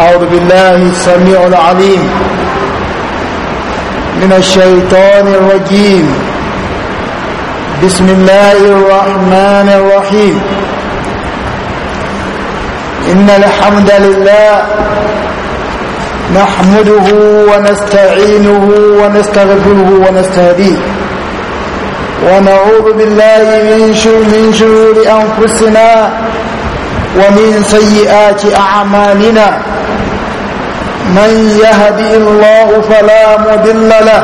أعوذ بالله السميع العليم من الشيطان الرجيم بسم الله الرحمن الرحيم إن الحمد لله نحمده ونستعينه ونستغفره ونستهديه ونعوذ بالله من شرور أنفسنا ومن سيئات أعمالنا من يهدي الله فلا مضل له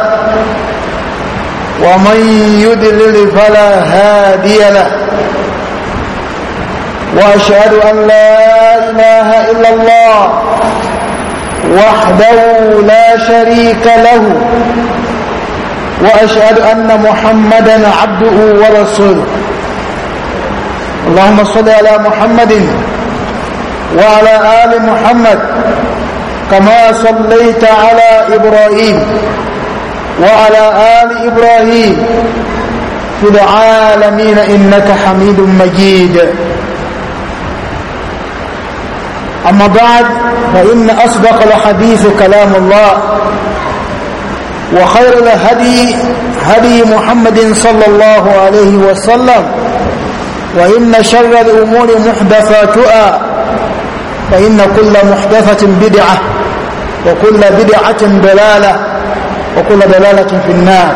ومن يدلل فلا هادي له واشهد ان لا اله الا الله وحده لا شريك له واشهد ان محمدا عبده ورسوله اللهم صل على محمد وعلى ال محمد كما صليت على إبراهيم وعلى آل إبراهيم في العالمين إنك حميد مجيد أما بعد فإن أصدق الحديث كلام الله وخير الهدي هدي محمد صلى الله عليه وسلم وإن شر الأمور محدثاتها فإن كل محدثة بدعة وكل بدعة ضلالة وكل ضلالة في النار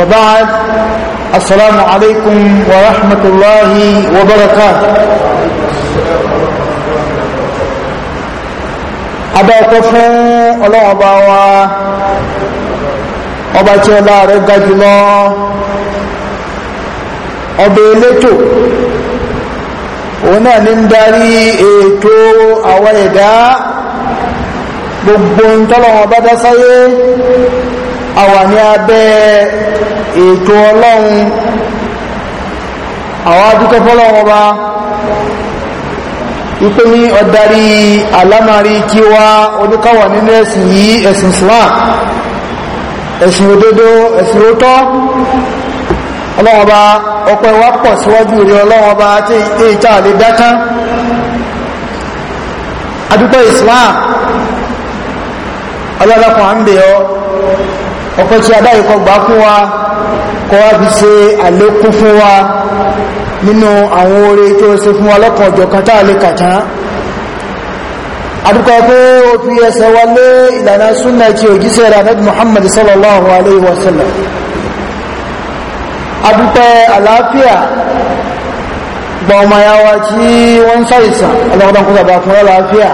وبعد السلام عليكم ورحمة الله وبركاته أبا كفو الله أبا و أبا تيلا رجل الله أبا لتو òun náà ní ń darí ètò àwọn ẹ̀dá gbogbo ń tọ́lọ́wọ́n bá dá sáyé àwa ní abẹ́ ètò ọlọ́run àwọn adúkẹ́ fọ́lọ́wọ́n bá ipé ní ọ̀darí alámarí kí wá oníkàwà nínú ẹ̀sìn yìí ẹ̀sìn Islam ẹ̀sìn òdodo ẹ̀sìn òtọ́ ọlọ́wọ́n bá ọpẹ́ wa pọ̀ síwájú rí ọlọ́wọ́n bá tí ìta lè dátán adúpẹ́ Islam ọlọ́lọ́pọ̀ à ń bè ọ ọpẹ́ tí adáyíkọ gbà fún wa kọ́ wá fi ṣe àlékún fún wa nínú àwọn oore tí ó ṣe fún wa lọ́kàn ọ̀jọ̀kan tá a lè kàtá Muhammad sallallahu alayhi wa adúpẹ́ àlàáfíà gba ọmọ ya wa tí wọ́n ń ṣàìsàn ọlọ́pàá kó bàbá fún àlàáfíà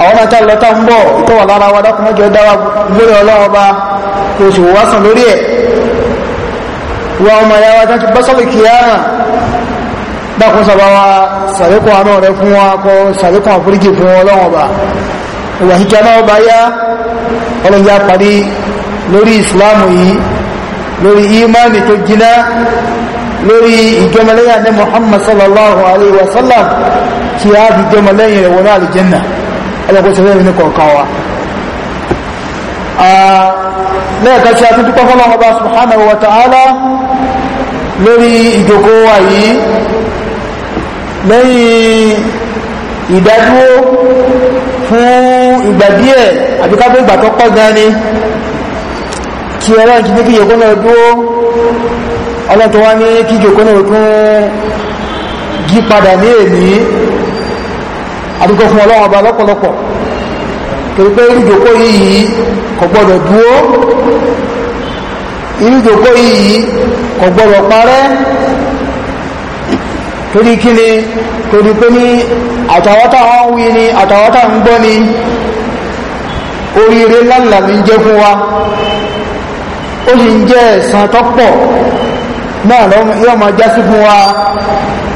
àwọn ajá lọ́tà ń bọ̀ tó wà lára wa dákúnmọ́jọ dára lórí ọlọ́ọba kò sì wá sàn lórí ẹ̀ wọ́n ọmọ ya wa dákú bọ́sọ̀lù kìíyàmà dákún sọba wa sàríkùn àánú rẹ fún wa kọ sàríkùn lórí ìmánì tó jiná lórí ìjọmọlẹ́yà ní muhammad sallallahu alaihi wa sallam kí a fi jọmọlẹ́yìn rẹ̀ wọlé alìjẹ́nà ẹlẹ́kọ́ sẹ́lẹ̀ ní kọ̀ọ̀kan wa ah, lẹ́ẹ̀ka sí àtúntò pọ́fọ́lọ́ ọba subhanahu wa ta'ala lórí ìjókòó wa yìí lẹ́yìn fún ìgbà díẹ̀ àbíkápẹ́ ìgbà tó pọ̀ gan ni tí ọlọ́run ti ní kí ìjòkó náà dúó ọlọ́run tó wá ní kí ìjòkó náà tún yí padà ní èní àdúgbò fún ọlọ́run ọba lọ́pọ̀lọpọ̀ torí pé ìjòkó yìí kò gbọ́dọ̀ dúó ìrìjòkó yìí kò parẹ́ torí kí ni torí ní àtàwátà wọn ni àtàwátà ń gbọ́ ni oríire lálàmí jẹ́ fún wa ó sì ń jẹ́ ẹ̀san tọ́pọ̀ náà yóò máa já sí fún wa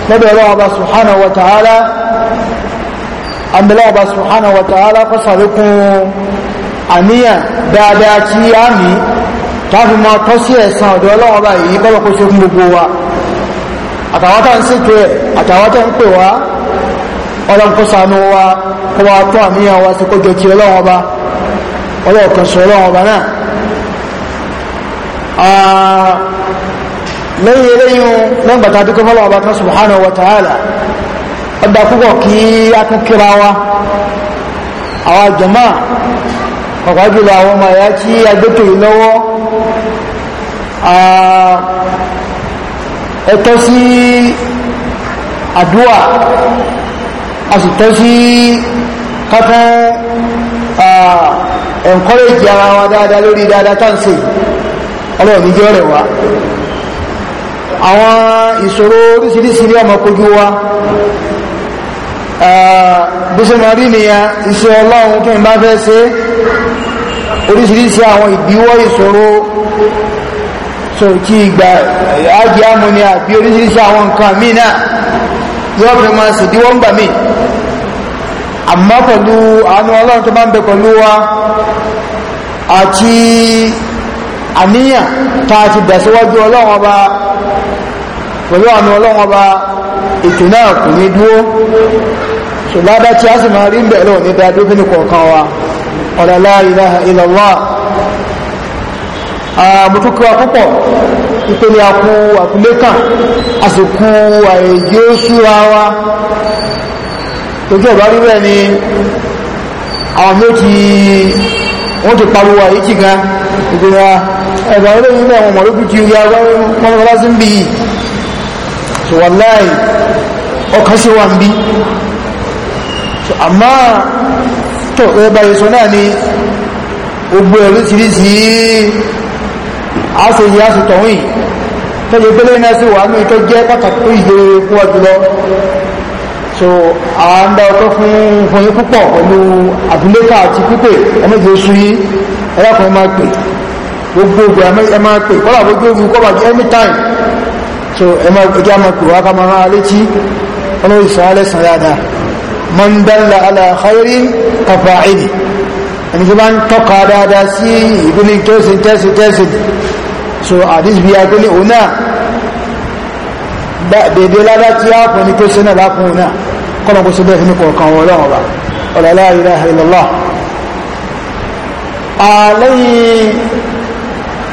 lọ́dọ̀ ọlọ́wọ́ bá subhanahu wa ta'ala àmìlọ́wọ́ bá subhanahu wa ta'ala kọ́sàlékún àníyàn dáadáa tí a ní tàbí máa tọ́ sí ẹ̀san ọ̀dọ̀ ọlọ́wọ́ bá yìí kọ́lọ̀ kó fún gbogbo wa àtàwátà ń ṣètò ẹ̀ àtàwátà ń pè wá ọlọ́run kó wa kó wa tó àníyàn wa sí kó jọ ti ọlọ́ọ̀kan sọ ọlọ́wọ́ náà lẹ́yìn eléyìn lẹ́gbàtà tó kọfọ́lọ́ ọba tó subhanahu wa ta'ala ọdá púpọ̀ kí a tún kíra wa àwọn jama pàpàá jùlọ àwọn ọmọ ẹ̀yà tí a gbẹ́tò yìí lọ́wọ́ ẹ̀tọ́ sí àdúwà a sì tọ́ sí kátán encourage ara wa dáadáa lórí dáadáa tàǹsì ọlọ́run ní jẹ́ rẹ̀ wá àwọn ìṣòro oríṣiríṣi ní ọmọ kojú wa bí ṣe máa rí nìyà iṣẹ́ ọlọ́run kí n bá fẹ́ ṣe oríṣiríṣi àwọn ìdíwọ́ ìṣòro so kí ìgbà ágì ámú ni àbí oríṣiríṣi àwọn nǹkan míì náà yóò fi máa sì díwọ́ ń gbà míì àmọ́ pẹ̀lú àánú ọlọ́run tó bá ń bẹ pẹ̀lú wa àti àníyàn tá a ti dẹ̀síwájú ọlọ́run ọba pẹ̀lú àánú ọlọ́run ọba ètò náà kò ní dúró ṣùgbọ́n adá tí a sì máa rí ń bẹ̀rẹ̀ òní dá dúró nìkan kan wa ọ̀dà la ilaha illallah àmùtúkọ́ púpọ̀ ìpele àkú àkúlékàn àsìkò àìyé ṣúra wa tó jẹ́ ìbá bẹ́ẹ̀ ni àwọn méjì wọ́n ti pariwo àyíkí gan ìgbìyà ẹ̀bà olóyìn ilẹ̀ àwọn ọmọdé kìí ya mọ́lọ́lá sí ń bí i so wà láì ọkàn sí wà ń bí so àmá tó ẹ̀bà èso náà ni gbogbo ẹ̀rú ti rí sí àṣeyí àṣetọ̀hún tó lè gbélé náà sí wà ní ìtọ́jẹ́ pàtàkì ìgbèrè fún so àwọn ọmọ ọkọ̀ fún fún yí púpọ̀ pẹ̀lú àbúlékà àti pípè ẹmẹ́jì oṣù yí ẹlẹ́kùnrin máa pè gbogbo ògbò ẹ pè kọ́lá gbogbo ògbò anytime so ẹmọ ìgbẹ́ àmọ́ pè wá kàmọ́ rán alétí ọlọ́run ìsànlẹ̀ sàn ala khairin kafa ìdì ẹni tó bá ń tọ́ka dáadáa sí ìbílẹ̀ tẹ́sí tẹ́sí tẹ́sí so àdìsí bí i agbélé òun náà dèdè ládá tí a kò ní tó ṣe náà lákùn náà kọ́nà kó ṣe bẹ́ẹ̀ fún kọ̀ọ̀kan wọ́n lọ́wọ́ bá ọ̀rọ̀ la ilaha illallah àlẹ́yìn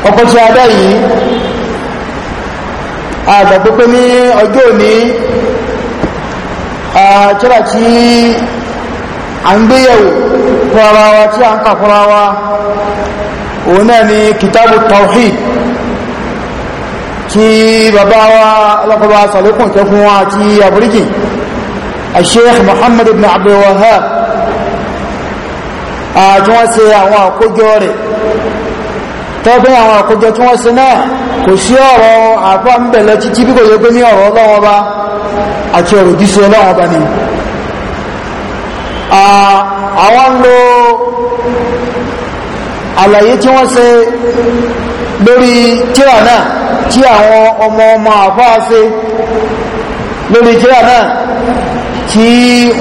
ọkọ̀ tí a dá yìí àgbàgbé pé tí bàbá wa alákọ̀ọ́bá sàlékùn kẹ fún wa àti àbúrígì Sheikh Muhammad ibn Abdul Wahhab àti wọ́n ṣe àwọn àkójọ rẹ̀ tọ́gbẹ́ àwọn àkójọ tí wọ́n ṣe náà kò sí ọ̀rọ̀ àpá ń bẹ̀lẹ̀ títí bí kò yẹ pé ní ọ̀rọ̀ ọlọ́wọ́ bá àti ọ̀rọ̀ jíṣẹ́ ọlọ́wọ́ bá ni àwọn ń lo àlàyé tí wọ́n ṣe lórí tíra náà tí àwọn ọmọ ọmọ àfáà ṣe lórí tíra náà tí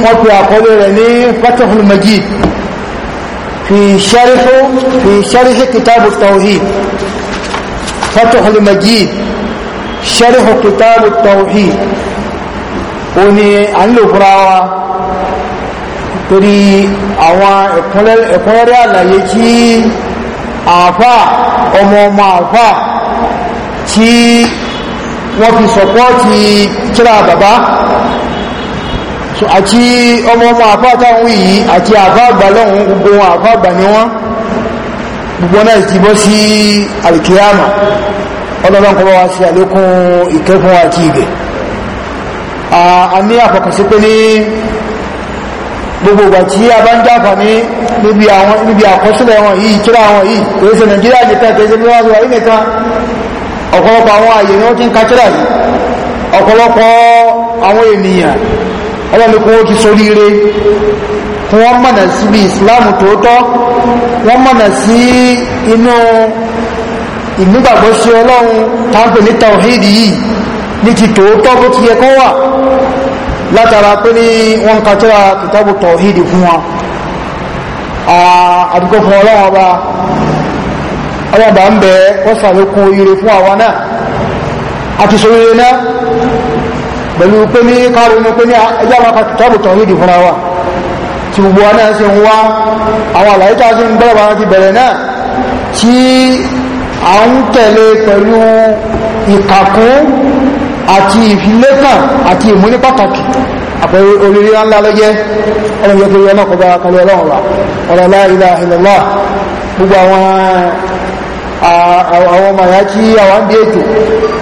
wọ́n pe àkọlé rẹ̀ ní fatahul majid fi ṣarihu fi ṣarihi kitabu tawhid fatahul majid ṣarihu kitabu tawhid ó ní à ń lò fúnra wa torí àwọn ẹ̀kúnrẹ́rẹ́ àlàyé tí àfáà ọmọ ọmọ àfáà tí wọ́n fi sọ̀pọ́ọ̀tì kíra bàbá àti ọmọ ọmọ àfáàtàwọn yìí àti àfáàgbà lọ́wọ́n gbogbo wọn àfáàgbà ni wọ́n gbogbo náà ti bọ́ sí alkiyama ọlọ́run kọ́ bá wá sí àlékún ìkẹ́kùn àti ibẹ̀ a ní àfọkànsí pé ní gbogbo ìgbà tí a bá ń jáfàní níbi àkọsílẹ̀ wọn yìí kíra wọn yìí kèése nàìjíríà nìkan kèése níwájú wa nìkan ọ̀pọ̀lọpọ̀ àwọn àyè ni wọ́n ti ń kátírà yìí ọ̀pọ̀lọpọ̀ àwọn ènìyàn ọlọ́nìkún ó ti soríire kí wọ́n mọ̀nà sí bí islam tòótọ́ wọ́n mọ̀nà sí inú ìmúgbàgbọ́ sí ọlọ́run táńpè ní tawhid yìí ní ti tòótọ́ bó ti yẹ kó wà látara pé ní wọ́n kátírà kìtàbù tawhid fún wọn ọlọ́ba ń bẹ wọ́n sàlékún oríire fún àwa náà àti sóríire náà pẹ̀lú pé ní káàrò inú pé ní ẹjọ́ àwọn akọ̀tọ́bù tàn yìí fúnra wa tí gbogbo wa náà ṣe ń wá àwọn àlàyé tá a ṣe ń bẹ̀rẹ̀ wa ti bẹ̀rẹ̀ náà tí à ń tẹ̀lé pẹ̀lú ìkàkún àti ìfilékàn àti ìmúní pàtàkì àpẹẹrẹ oríire ńlá lọ́jẹ́ ọlọ́run yẹ kí ọlọ́kọ̀ọ́bá kalẹ̀ ọlọ́run wa ọlọ́lá ilá ìlọ́lá gbogbo àwọn àwọn ọmọ ìyá tí àwọn ń bí ètò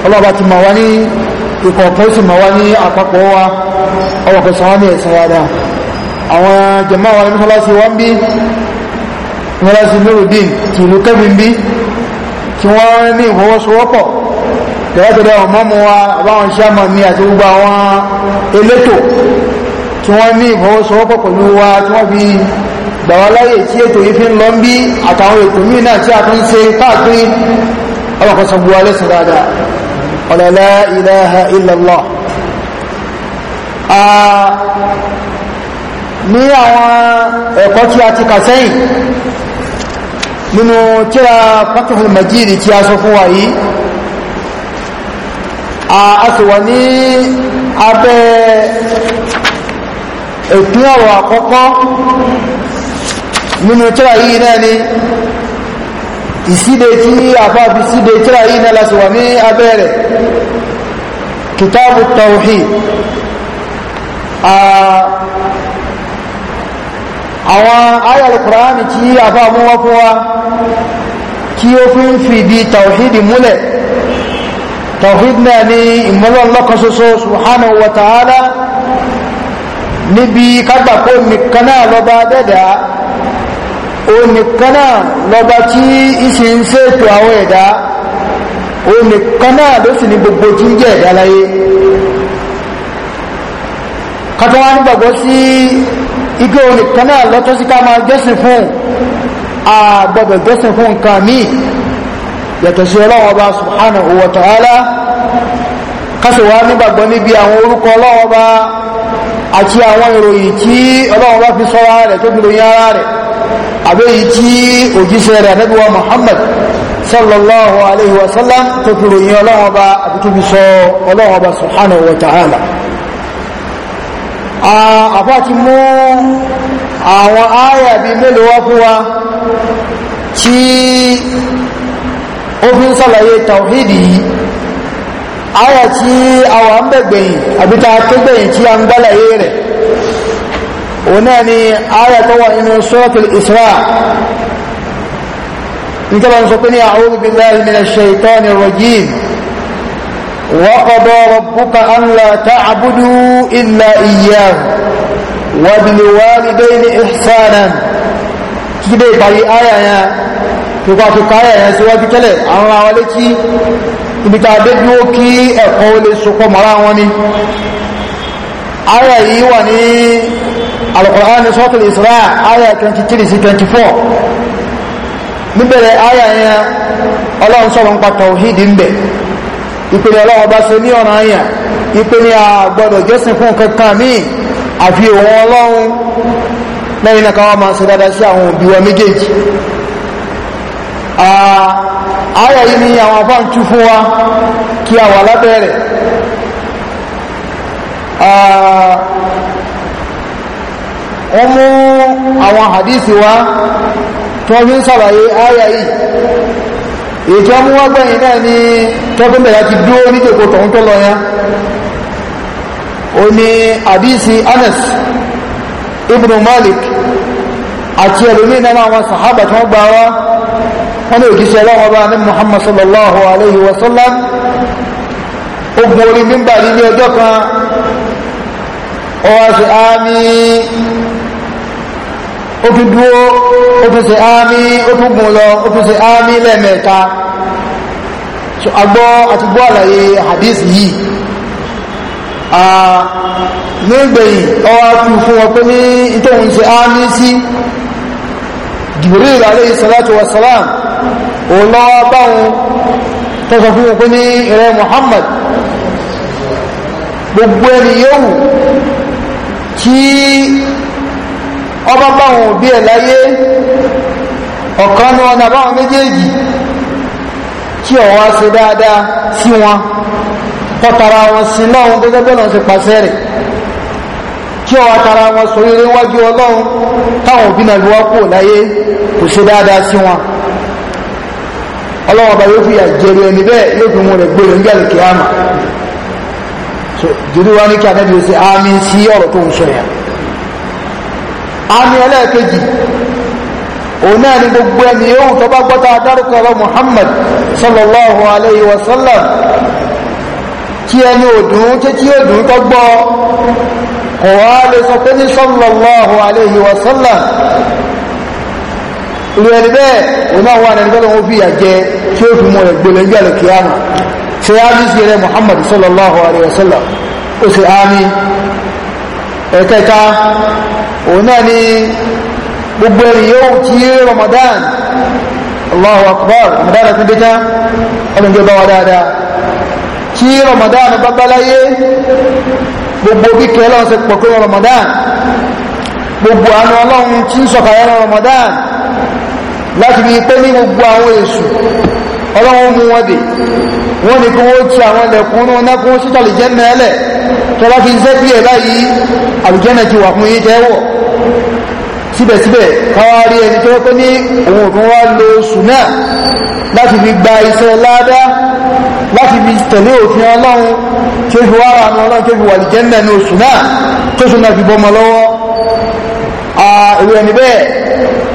ọlọ́ọ̀bá ti mọ̀ wá ní ìkọ̀ọ̀kan ó sì mọ̀ wá ní àpapọ̀ wa ọwọ́ kan sọ́wọ́ ní ẹ̀sìn dáadáa àwọn jẹ̀mọ́ àwọn mọ́sálásí wọ́n bí mọ́sálásí lórúdín tí ìlú kẹ́bí ń bí tí wọ́n ní ìfọwọ́sowọ́pọ̀ tẹ̀wọ́tẹ̀lẹ̀ ọmọ́mú àbáwọn sẹ́mọ̀ gbàwá láyè tí ètò yìí fi ń lọ ń bí àtàwọn ètò míì náà tí a fi ń ṣe káàkiri ọlọ́kan sọ bu dáadáa ọ̀lẹ́lá ilaha illallah ní àwọn ẹ̀kọ́ tí a ti kà sẹ́yìn nínú tíra pàtàkì majidi tí a sọ fún wa yìí a sì wà ní abẹ́ ìpín ọ̀rọ̀ àkọ́kọ́ nínú tíra yìí náà ni ìsíde tí àfáàfi síde tíra yìí náà lásìwà ní abẹ́rẹ̀ kìtàbù tawhid àwọn ayàlù kùránì tí àfáàmú wá fún wa kí ó fi ń fìdí tawhid múlẹ̀ tawhid náà ni ìmọ́lọ́lọ́kan ṣoṣo subhanahu wa níbi kágbàkó nìkan náà lọ́ba dẹ́dàá onìkan náà lọ́ba tí ìṣe ń ṣètò àwọn ẹ̀dá onìkan náà ló sì ní gbogbo tí ń jẹ́ ẹ̀dá láyé kátó nígbàgbọ́ sí igi onìkan náà lọ́tọ́ sí ká máa fún a gbọ́dọ̀ fún nǹkan míì yàtọ̀ sí ọlọ́run ọba subhanahu wa ta'ala kásì nígbàgbọ́ níbi àwọn orúkọ àti àwọn ìròyìn tí fi rẹ̀ tó fi ròyìn ara rẹ̀ àbẹ́yìí tí òjíṣẹ́ rẹ̀ anábíwá Muhammad sallallahu alayhi wa sallam tó fi ròyìn ọlọ́run ọba àti tó fi sọ ọlọ́run ọba subhanahu wa ta'ala àbá ti mú àwọn áyà bíi mélòó wá tí ó fi ń sàlàyé tàwídì yìí áyà tí àwọn ń àbíta tó gbẹ̀yìn tí a ń gbálàyé rẹ̀ هنا آية طوى من سورة الإسراء انتبه نسطني أعوذ بالله من الشيطان الرجيم وقضى ربك أن لا تعبدوا إلا إياه وبالوالدين إحسانا كده بري آية يا تقاطق آية يا سواء بكلي أنا والتي بتعبدوا كي أقول سقم راني آية يواني alqur'an ní sọ́tìlì isra aya 23 24 níbẹ̀rẹ̀ aya yẹn ọlọ́run sọ̀rọ̀ nípa tawhidi ń bẹ̀ ìpele ọlọ́run bá ṣe ní ọ̀nà àyàn ìpele àgbọ̀dọ̀ jẹ́sìn fún kankan míì àfi òun ọlọ́run lẹ́yìn náà káwọn máa ṣe dáadáa sí àwọn òbí méjèèjì ah, ni àwọn wa kí ah, wọ́n mú àwọn hadisi wá tí wọ́n fi ń sàlàyé ayà yìí èyí tí wọ́n mú wá gbẹ̀yìn náà ni tọ́gbọ́n bẹ̀rẹ̀ ti dúró níjòkó tọ̀hún tó lọ yẹn ó ní hadisi Anas ibn Malik àti ẹlòmíín náà àwọn sàhábà tí wọ́n gbà wá wọ́n ní òjíṣẹ́ ọlọ́wọ́ bá ní Muhammad sallallahu alayhi wa sallam ogun orí mímbà ní ọjọ́ kan ó sí àmín ó tún dúró ó tún ṣe ámì ó tún gùn lọ ó tún ṣe ámì lẹ́ẹ̀mẹ́ta agbọ́ àti gbọ́ àlàyé hadith yìí nígbẹ̀yìn ọwá kú fún wọn pé ní ìtòhun ṣe ámì sí Jibril alayhi salatu wassalam olówó báwọn tó sọ fún wọn pé ní ìrẹ́ Muhammad gbogbo ẹni yóò kí ọba báwọn òbí ẹ̀ láyé ọ̀kan ní ọ̀nà báwọn méjèèjì kí ọ̀wá ṣe dáadáa sí wọn tọ́tara wọn sí lọ́hun gẹ́gẹ́ bẹ́ẹ̀ lọ́n ṣe pàṣẹ rẹ̀ kí ọ̀wá tara wọn sóríire wájú ọlọ́run táwọn òbí náà lọ́wọ́ kò láyé kò ṣe dáadáa sí wọn ọlọ́wọ́ ọba yóò fi àjẹrò ẹni bẹ́ẹ̀ yóò fi mú rẹ̀ gbèrò ń jàlè kíámà jùlọ wa ní kí anábìyèsí àmì sí ọ̀rọ̀ tó ń sọ yẹn àmì ẹlẹ́ẹ̀kejì òun náà ni gbogbo ẹni yóò tó bá gbọ́ta dárúkọ ọ̀rọ̀ Muhammad sallallahu alayhi wa sallam kí ẹni òdùn tí tí òdùn tó gbọ́ kò wá lè sọ pé ní sallallahu alayhi wa sallam ìlú ẹni bẹ́ẹ̀ òun náà wà nínú bẹ́ẹ̀ fi àjẹ tí ó fi mọ ẹ̀gbọ́lẹ̀ ní àlè kìíyàmà ṣe ámì sí rẹ̀ Muhammad sallallahu alayhi wa sallam ó sì ámì ẹ̀kẹta òun náà ni gbogbo ẹni yóò kí Ramadan Allahu Akbar Ramadan ẹ̀kún dé tán ọlọ́njẹ́ bá wa dáadáa kí Ramadan bábáláyé gbogbo kíkẹ́ lọ́wọ́ sí pọ̀ pé Ramadan gbogbo àánú ọlọ́run tí ń sọ̀kàrẹ́ Ramadan láti fi pé ní gbogbo àwọn èṣù ọlọ́run mú wọn dè wọ́n ní kí wọ́n ti àwọn ẹlẹ́kùnrin náà kí sítọ̀lì jẹ́ mẹ́lẹ̀ tọ́ba ti ṣiṣẹ́ díẹ̀ báyìí àlùjànnà ti wà fún yín jẹ́wọ̀ síbẹ̀síbẹ̀ káwá rí ẹni tó kó ní òun òfin wá lo oṣù náà láti fi gba iṣẹ́ ládá láti fi tẹ̀lé òfin ọlọ́run tí ó fi wá ra àwọn ọlọ́run tí ó fi wà àlùjànnà ní oṣù náà tó sùn náà fi bọ́mọ lọ́wọ́ èrò ẹni bẹ́ẹ̀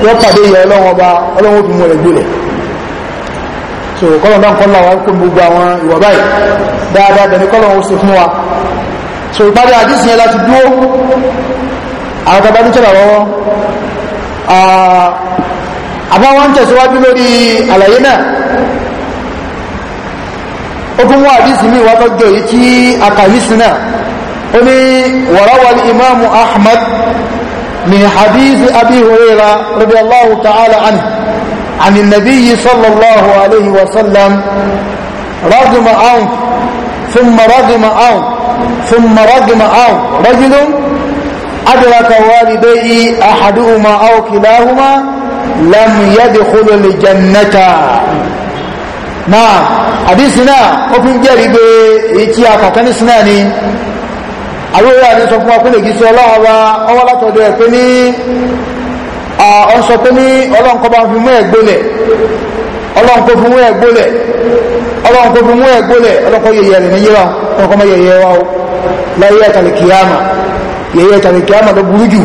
yóò pàdé ìyá ọlọ́run ọba ọlọ́run ó fi mú rẹ̀ gbé rẹ̀ so kọ́lọ̀ náà kọ́lọ̀ wa kó gbogbo àwọn ìwà báyìí dáadáa bẹ̀ni kọ́lọ̀ ó ṣe fún wa so ìparí àdísì yẹn láti dúró àwọn tàbá ní tọ́lá lọ́wọ́ àbá wọn tẹ̀síwájú lórí àlàyé náà ó tún mú àdísì mi wàá tọ́jọ́ yìí tí àkàyísì náà ó ní wàráwàlì imáàmù ahmad min hadithi abi huraira radiyallahu ta'ala anhu عن النبي صلى الله عليه وسلم رغم عنف ثم رغم عنف ثم رجم أو رجل أدرك والديه أحدهما أو كلاهما لم يدخل الجنة نعم حديثنا وفي جارب إتيا كتن سناني أولو أن سوف ما كل جسول الله أولا تدركني ọ sọ pé ní ọlọ́nkọ́ bá fi mú ẹ̀gbólẹ̀ ọlọ́nkọ́ fi mú ẹ̀gbólẹ̀ ọlọ́nkọ́ fi mú ẹ̀gbólẹ̀ ọlọ́nkọ́ yẹ̀yẹ̀ rẹ̀ níyẹ́wà ọlọ́nkọ́ wa láyé ẹ̀tàlẹ̀ kìyàmà yeye ẹ̀tàlẹ̀ kìyàmà ló burú jù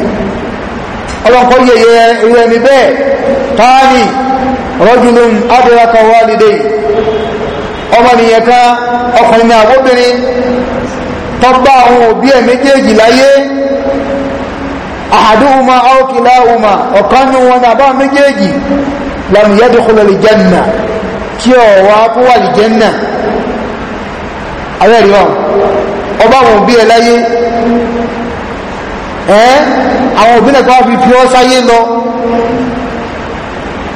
ọlọ́nkọ́ yẹ̀yẹ̀ rẹ̀ ní bẹ́ẹ̀ táàní rọ́jùlùm adraka wálidé ọmọnìyàn ọkùnrin àbóbìnrin tọ́gbà àwọn òbí ẹ̀ méjèèjì láyé ahaduhuma aw kilahuma ọ̀kan ní wọn àbá méjèèjì lam yadkhul aljanna kí ọ wá kó wà aljanna ayé rí wọn ọba àwọn òbí ẹ láyé ẹ àwọn òbí náà tó wá fi fi ọ sáyé lọ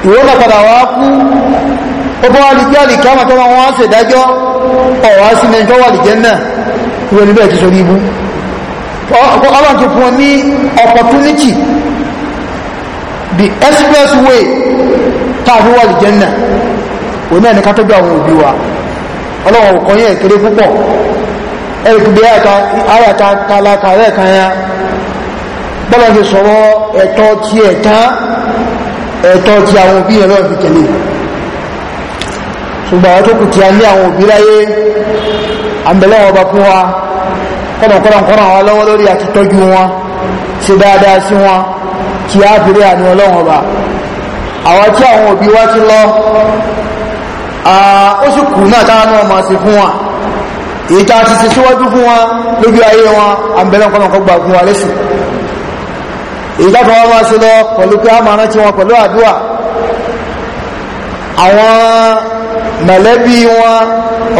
ìwọ náà padà wá kú ó bá wà ní kí àlìkí àmàtọ́ wọn wá ṣèdájọ́ ọ̀ wá sí ní ẹjọ́ wà aljanna ìwọ níbẹ̀ ti sọ ní ibú ọlọ́run ti fún ọ ní opportunity the express way tààrí wà lè jẹ́nà òní ẹni ká tọ́jú àwọn òbí wa ọlọ́run ọ̀kan yẹn kéré púpọ̀ ẹ̀rìkìdé àyàta talaka lẹ́ẹ̀kan ya bọ́lá ti sọ̀rọ̀ ẹ̀tọ́ ti ẹ̀tán ẹ̀tọ́ ti àwọn òbí ẹ̀rọ fi tẹ̀lé ṣùgbọ́n àwọn tó kù ti a ní àwọn òbí láyé àmbẹ̀lẹ́ ọba fún wa kọ́nàkọ́nàkọ́nà wọn lọ́wọ́ lórí àti tọ́jú wọn ṣe dáadáa sí wọn kí á bèrè àní ọlọ́wọ́n ọba àwọn tí àwọn òbí wa ti lọ ó sì kù náà táwọn náà máa ṣe fún wa èyí tá a ti ṣe síwájú fún wa lójú ayé wọn àbẹ̀lẹ̀ kọ́nàkọ́ gbà fún wa lẹ́sìn èyí tá àwọn máa ṣe lọ pẹ̀lú pé a máa rántí wọn pẹ̀lú àdúrà àwọn mẹ̀lẹ́bí wọn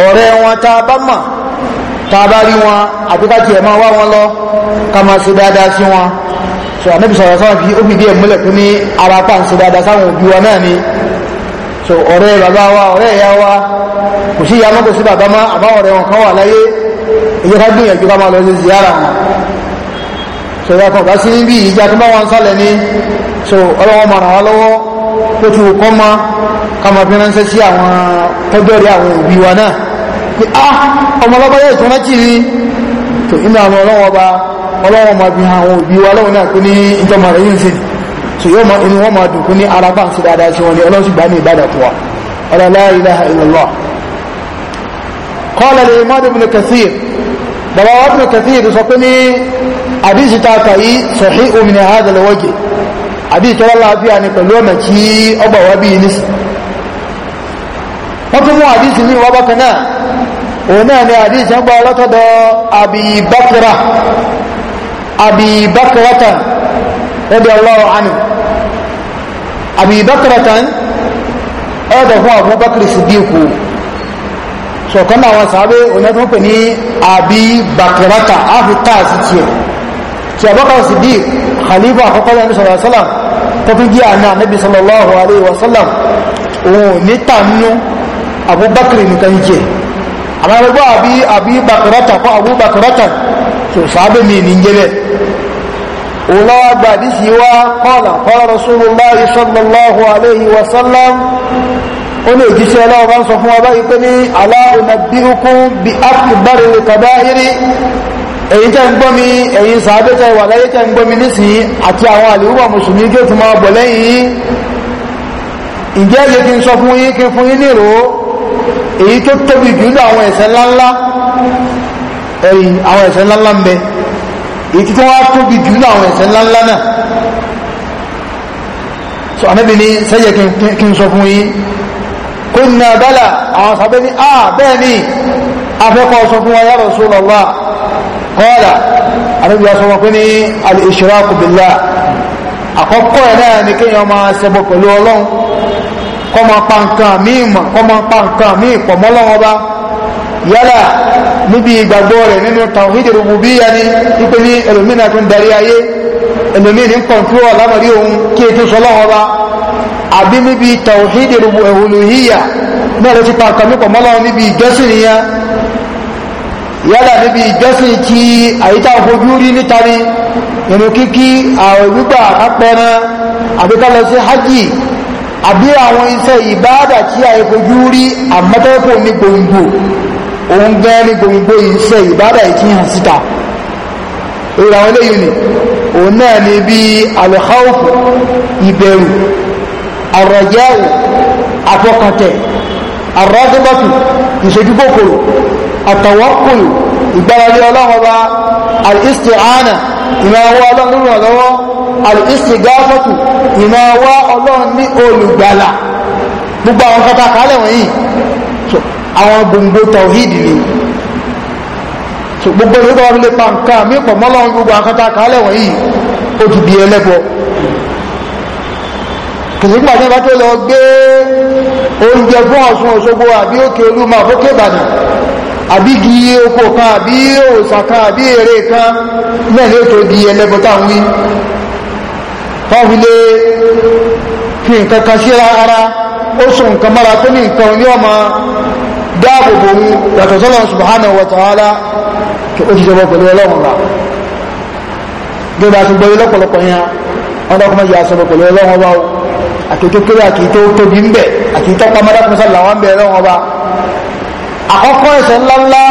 ọ̀rẹ́ wọn tá a bá mọ̀ tàbá rí wọn àbíkájì ẹ̀ máa wá wọn lọ ká máa ṣe dáadáa sí wọn so ànábì sọ̀rọ̀ sáwọn fi óbì díẹ̀ múlẹ̀ pé ní ara pa ń ṣe dáadáa sáwọn òbí wa náà ni so ọ̀rẹ́ bàbá wa ọ̀rẹ́ ìyá wa kò sí ìyá mọ́ kò sí bàbá mọ́ àbá ọ̀rẹ́ wọn kan wà láyé èyí ká gbìyànjú ká máa lọ sí ziyara wọn so ìyá kan bá sí níbi ìjà tó bá wọn sálẹ̀ ni so ọlọ́wọ́ mara wa lọ́wọ́ pé á ah, ọmọlọ́bọ̀ yóò tún rántí rí tó inú àwọn ọlọ́wọ́ ọba ọlọ́wọ́ ọmọ bí àwọn òbí wa lọ́wọ́ náà kú ní ìjọba rẹ̀ yìí sìn tó yóò mọ inú wọn máa dùn kú ní araba ń sí dáadáa sí wọn ni ọlọ́sùn gbà ní ìbàdàn fún wa ọlọ́ la ilaha illallah qala al-imam ibn kathir bàbá wa ibn kathir sọ pé ní àdìsí ta kà yí sahihu min hadha al-wajh àdìsí tọ́lá wọ́n tún mú àdísì ní ìwọ́ bákan náà òun náà ni àdísì ń gba ọlọ́tọ̀dọ̀ àbíbákúrà àbíbákúrátà ẹ̀dẹ̀ ọlọ́rọ̀ ànì àbíbákúrátà ẹ̀dẹ̀ fún àbúbákúrì sí díkù ṣọ̀kan náà wọn sàábé òun tó ń pè ní àbíbákúrátà áfíríkà sí tiẹ̀ tí àbúbákúrì sí díkù khalifa àkọ́kọ́ lẹ́nu sọ̀rọ̀ sọ́làm tó fi jí àná níbi sallallahu abubakar nìkan jẹ́ àmọ́ ẹgbẹ́ àbí àbí bakarata kọ́ abubakarata tó sábẹ́ mi ní jẹ́ bẹ́ẹ̀ òun lọ́wọ́ gba àdísì wa kọ́lá kọ́lá rasulullah sallallahu alayhi wa sallam ó ní òjíṣẹ́ ọlọ́wọ́ bá ń sọ fún wa báyìí pé ní aláùnàbíhùkún bí akbari kàbáyìrì èyí tẹ́ ń gbọ́ mi ẹ̀yin sàábé tẹ́ wà láyé tẹ́ èyí tó tóbi jù ní àwọn ẹ̀ṣẹ̀ ńláńlá ẹ̀yìn àwọn ẹ̀ṣẹ̀ ńláńlá ń bẹ èyí tó wá tóbi jù ní àwọn ẹ̀ṣẹ̀ ńláńlá náà so anábì ní sẹ́yẹ kí n sọ fún yín kó ní abẹ́là àwọn sàbẹ́ ní à ah, bẹ́ẹ̀ ni afẹ́kọ̀ọ́ sọ fún wa ya Rasulullah kọ́ọ̀là anábì wa sọ wọn pé ní al àkọ́kọ́ ẹ̀ náà ni kéèyàn máa ṣẹbọ pẹ̀lú ọlọ́run kọ́mọ pa nǹkan míì mọ̀ kọ́mọ pa nǹkan míì pọ̀ mọ́lọ́wọ́ bá yálà níbi ìgbàgbọ́ rẹ̀ nínú tawhid rububiyya ni wípé ní ẹlòmínà tó ń darí ayé ẹlòmínà ń kọ̀ntró àlámọ̀rí òun kí ètò sọlọ́wọ́ bá àbí níbi tawhid uluhiyya náà ló ti pa nǹkan míì pọ̀ mọ́lọ́wọ́ níbi ìjọsìn nìyẹn yálà níbi ìjọsìn ti àyíká fojú rí níta ni ìrùn kíkí àwọn ìgbà àpẹẹrẹ àbíkálọ hajj àbí àwọn iṣẹ́ ìbáàdà tí a fojú rí àmọ́tẹ́kù ní gbòǹgbò òun gẹ́ ní gbòǹgbò iṣẹ́ ìbáàdà ìtí hàn síta ìrà àwọn eléyìí ni òun náà ni bí alùháùfù ìbẹ̀rù àrọ̀jẹ́wò àfọkàntẹ̀ àrọ́dúbọ̀tù ìṣojúkòkòrò àtàwọ́kòrò ìgbáralé ọlọ́mọba alìsìtì àánà ìmọ̀ àwọn ọlọ́mọba ìmọ̀ wá ọlọ́run ní olùgbàlà gbogbo àwọn kọta kálẹ̀ wọ̀nyí àwọn gbòǹgbò tọ̀hídì ni gbogbo ìlú tọ́wọ́ lè pa nǹkan mí pọ̀ mọ́lọ́run gbogbo àwọn kọta kálẹ̀ wọ̀nyí ó ti di ẹlẹ́bọ kìsìgbà tí wọ́n tó lọ gbé oúnjẹ fún Ọ̀ṣun Òṣogbo àbí òkè Olúmọ àbókè Ìbàdàn àbí igi oko kan àbí òòsà kan àbí èrè kan náà ètò di ẹlẹ́bọ táwọn wọ́n fi lè fi nǹkan kan sí ara ó sùn nǹkan mọ́ra tó ní nǹkan ní ọmọ dáàbòbò òun yàtọ̀ sọ́lọ́run subhanahu wa ta'ala ó ti jọba pẹ̀lú ọlọ́run rà bí bá ti gbọ́ ilé ọ̀pọ̀lọpọ̀ yẹn wọn dọ́kọ́ yà sọ̀rọ̀ pẹ̀lú ọlọ́run ọba o àti kékeré àti tó tóbi ń bẹ̀ àti tọ́pọ̀ mọ́dákùnsá làwọn ń bẹ̀ ọlọ́run ọba àkọ́kọ́ ẹ̀ṣẹ̀ ńláńlá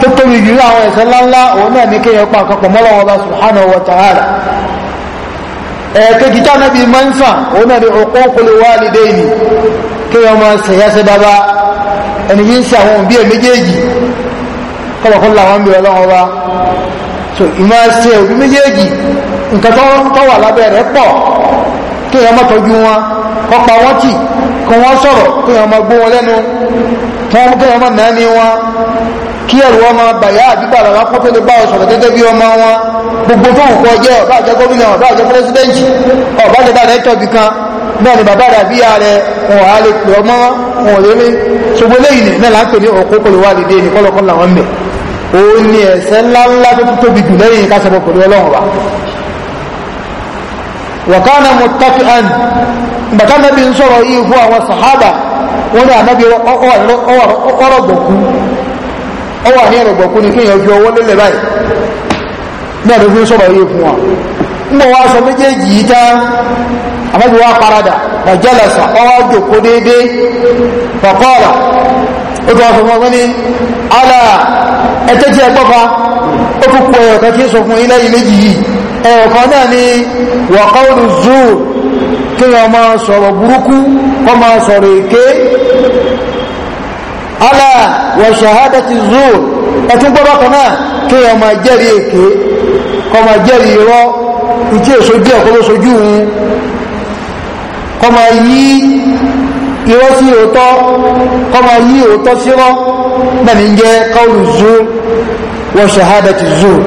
tó tóbi jù ní àwọn ẹ̀ṣẹ̀ ńláńlá òun náà ní kéèyàn pa àkọ́pọ̀ mọ́lọ́run ọba subhanahu wa ẹ̀ẹ̀kejì tá nábi máa ń sàn òun náà ni uququl walidayni kí wọ́n máa sẹ̀yẹ́sẹ̀ bàbá ẹni yí ń sẹ àwọn òbí ẹ̀ méjèèjì kọ́bọ̀kọ́ làwọn bí wa so ìmọ̀ ẹsẹ̀ òbí méjèèjì nǹkan tó wà lábẹ́ rẹ̀ pọ̀ kí wọ́n máa tọ́jú wọn kọ́ pa wọ́n tì kọ́ wọ́n kí ẹ̀rù ọmọ bàyá àdúgbò àlàlá kó tó lè bá ọ̀sọ̀rọ̀ gẹ́gẹ́ bí ọmọ wọn gbogbo tó wù kọ jẹ́ ọ̀bá àjẹ́ gómìnà ọ̀bá àjẹ́ pírẹsidẹ́ǹtì ọ̀bá àjẹ́ dàrẹ́tọ̀ bì kan náà ni bàbá àdàbí ààrẹ wọn á lè pè ọmọ wọn ò lè rí ṣùgbọ́n lẹ́yìn náà láǹpẹ̀ ní kò lè ní kọ́lọ́kọ́ làwọn o ni ńláńlá tó tóbi jù lẹ́yìn wa wàkánà mọ̀tàkì àn ọ wà ní ẹ̀rọ̀gbọ̀kú ni kí èèyàn fi ọwọ́ lélẹ̀ báyìí ní ẹ̀rọ fi ń sọ̀rọ̀ yìí fún wa ń bọ̀ wá sọ méjèèjì yìí tán àfẹ́bí wa parada wà ọwọ́ jòkó ó ní ẹ̀tẹ́jẹ́ ala wa shahadati zur ẹ̀tún gbọ́dọ̀ kan náà kí wọ́n máa jẹ́rì èké kọ́ máa jẹ́rì irọ́ ìtí èsojú ẹ̀kọ́ ló sojú òun kọ́ máa yí irọ́ sí òótọ́ kọ́ máa yí òótọ́ sírọ́ náà ní jẹ́ qawlu zur wa shahadati zur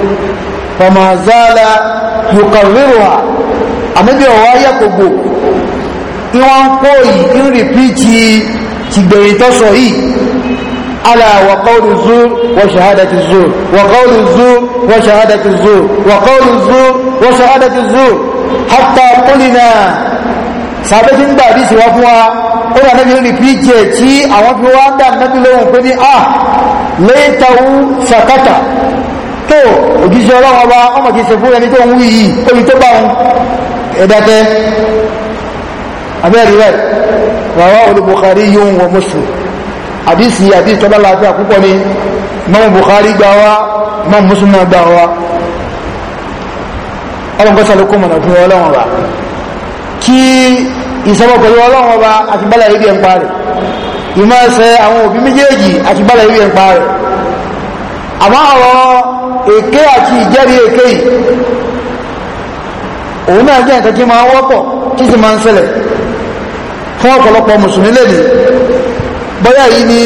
wa ma zala yukarriruha àmọ́bí ọ̀wọ́ ayé kògbò tí wọ́n ń kó yìí ń rìpíìtì tìgbẹ̀yìn tọ́sọ yìí على وقول الزور وشهادة الزور وقول الزور وشهادة الزور وقول الزور وشهادة الزور حتى قلنا سابقين بعد سوافوا ó wà níbi olùpíjì ẹ̀ tí àwọn fi wá dà nábi lóhun pé ní à létàwú sàkátà tó òjíṣẹ́ ọlọ́wọ́ bá ọmọ kìí ṣe fún ẹni tó ń wú yìí omi tó bá ń ẹ̀dàtẹ́ abẹ́rẹ́ rẹ̀ rọ̀wọ́ olùbùkárí yóò wọ mọ́sùlùmí àdísì àdísì tọ́lá láàfíà púpọ̀ ni mọ́mù Bukhari gbà wá mọ́mù Muslim gbà wá ọlọ́nkọ́ sàlùkù mọ̀nà fún ọlọ́wọ́n wa kí ìsọ́bọ̀ pẹ̀lú ọlọ́wọ́n wa àti bálà ibi ẹ̀ ń parẹ̀ ìmọ̀ ẹsẹ̀ àwọn òbí méjèèjì àti bálà ibi ẹ̀ ń parẹ̀ àmọ́ ọ̀rọ̀ èké àti ìjẹ́rìí èké yìí òun náà jẹ́ nǹkan tí máa wọ́pọ̀ tí sì máa ń ṣẹlẹ̀ fún ọ̀pọ̀lọpọ̀ mùsùlùmí lẹ́nìí bọ́yá yìí ni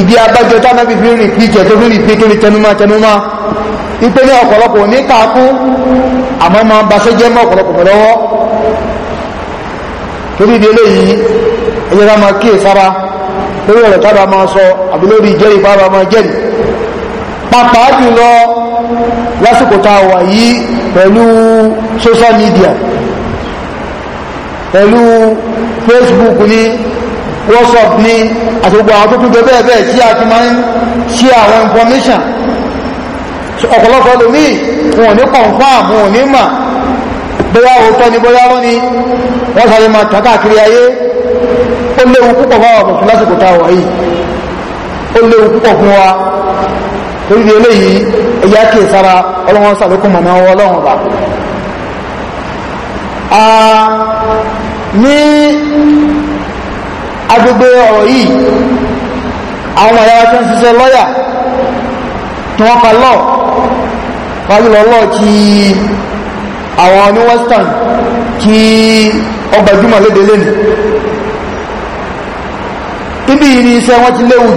ìdí abájọ tánàbí fi rí píjẹ tó fi rí pí tó rí tẹnumá tẹnumá ipe ní ọ̀pọ̀lọpọ̀ ní kàákú àmọ́ máa ba sẹ́jẹ́ mọ́ ọ̀pọ̀lọpọ̀ lọ́wọ́ torí ìdí eléyìí ẹ̀yẹ́ ká máa kíyè sára lórí ọ̀rọ̀ tábà máa sọ àbí lórí ìjẹ́rì bábà máa jẹ́rì pàápàá jùlọ lásìkò tá a wà yìí pẹ̀lú social media pẹ̀lú Facebook ní whatsapp ní àti gbogbo àwọn tó tún jọ bẹ́ẹ̀ bẹ́ẹ̀ tí a ti máa ń ṣe àwọn information ọ̀pọ̀lọpọ̀ lómi wọn ò ní confam wọn ò ní mà bóyá òótọ́ ni bóyá wọ́n ni wọ́n sáré máa tàn káàkiri ayé ó léwu púpọ̀ fún àwọn ọ̀pọ̀ lásìkò tá a wà yìí ó léwu púpọ̀ fún wa torí di eléyìí ẹ̀yà kìí sára ọlọ́wọ́n sàlékún mọ̀nà ọlọ́run ọba ah, ní agbègbè ọ̀rọ̀ yìí àwọn ọmọ ìyára tó ń ṣiṣẹ́ lọ́yà tí wọ́n ka lọ́ọ̀ fájúlọ lọ́ọ̀ kí àwọn ní western kí ọgbà jùmọ̀ léde lẹ́nu níbi ìrìn iṣẹ́ wọ́n ti léwu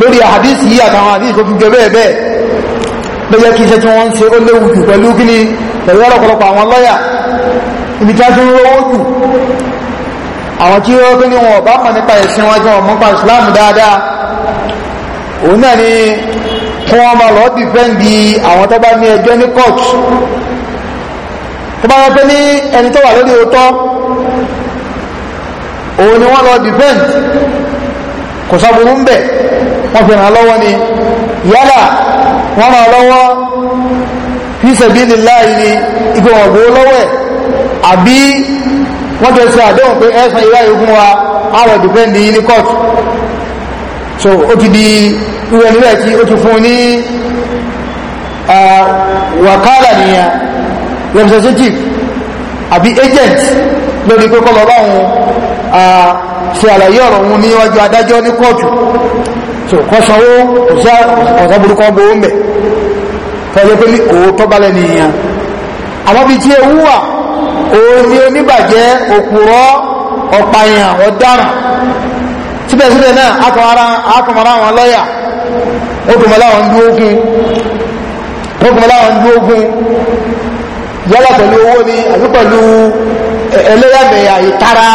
lórí àdísì yìí àtàwọn àdísì tó fi jẹ bẹ́ẹ̀ bẹ́ẹ̀ ló kí iṣẹ́ tí wọ́n ń ṣe ó léwu jù pẹ̀lú kí ni pẹ̀lú ọ̀rọ̀ ọ̀pọ̀lọpọ̀ àwọn lọ́yà ibi tí a tún lówó jù àwọn tí ó tó ní wọn ọ̀bá mọ̀ nípa ẹ̀sìn wọn jọ mọ́pa islam dáadáa òun náà ni kí wọ́n máa lọ dìfẹ́ǹdì àwọn tó bá ní ẹjọ́ ní court tó bá wọ́n pé ní ẹni tó wà lórí òótọ́ òun ni wọ́n lọ dìfẹ́ǹdì kò sábúrú ń bẹ̀ wọ́n fi ràn lọ́wọ́ ni yálà wọ́n ràn lọ́wọ́ fi sabilillahi ni ìgbìmọ̀ gbowó lọ́wọ́ ẹ̀ àbí wọ́n jọ sí àdéhùn pé ẹ̀sán ìwá ìgún wa àwọn dìbẹ́ndì ní kọ́ọ̀tù so ó ti di ìwẹ̀ nílẹ̀ tí ó ti fún ní wàkálà nìyẹn representative àbí agent lórí pé kọ́ lọ́wọ́ òun ṣe àlàyé ọ̀rọ̀ òun níwájú adájọ́ ní kóòtù so kọ́ sanwó ọ̀sán burúkú ọgbọ̀ òun bẹ̀ fẹ́ lé pé ní òótọ́ balẹ̀ nìyẹn àwọn bíi tí ewu wà òun ni oníbàjẹ́ òpùrọ́ ọ̀pàyàn ọ̀daràn síbẹ̀síbẹ̀ náà akọmọ̀rá àwọn lọ́yà okùnmọ̀lá àwọn dúó ogun yálà pẹ̀lú owó ni àbí pẹ̀lú ẹlẹ́yàmẹ̀yà ìtara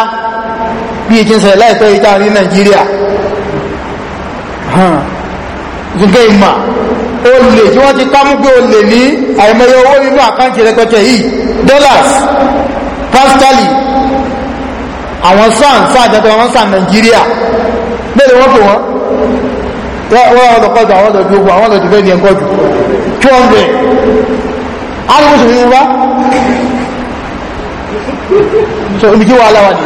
bí ìjìn sẹ̀rẹ̀ láìpẹ́ ìta ní Nàìjíríà gẹ́gẹ́ ìmà olè tí wọ́n ti kámú pé olè ní àìmọye owó nínú àkáǹtì rẹpẹtẹ yìí dollars pastally àwọn sàn sàn tẹ́tọ́ wọn sàn nàìjíríà bẹ́ẹ̀ wọ́n pè wọ́n wọ́n ọ̀dọ̀ kọjú àwọn ọ̀dọ̀ ju àwọn ọ̀dọ̀ ju fẹ́ di ẹ̀kọ́ ju two hundred alùpùpù sì fi wá so ibi tí wọ́n aláwa ni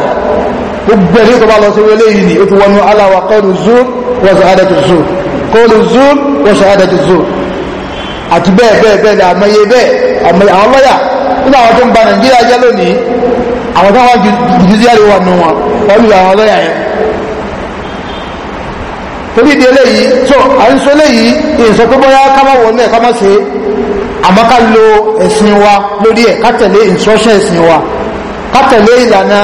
ó bẹ̀rẹ̀ tó bá lọ sí wọlé yìí ni ó ti wọnú aláwa kọlu zur wọ́n sọ adẹ́tù zur kọlu zur wọ́n sọ adẹ́tù zur àti bẹ́ẹ̀ bẹ́ẹ̀ bẹ́ẹ̀ ni àmọye bẹ́ẹ̀ àmọye àwọn lọ́yà nínú àwọn tó ń ba nàìjíríà jẹ́ lónìí àwọn tó wá judiciary wà nù wọn pẹ̀lú àwọn lọ́yà yẹn torí ìdí eléyìí tó à ń sọ eléyìí ìsọ pé bóyá ká má wọlé ká má àmọ́ ká lo ẹ̀sìn wa lórí ẹ̀ ká tẹ̀lé instruction ẹ̀sìn wa ká tẹ̀lé ìlànà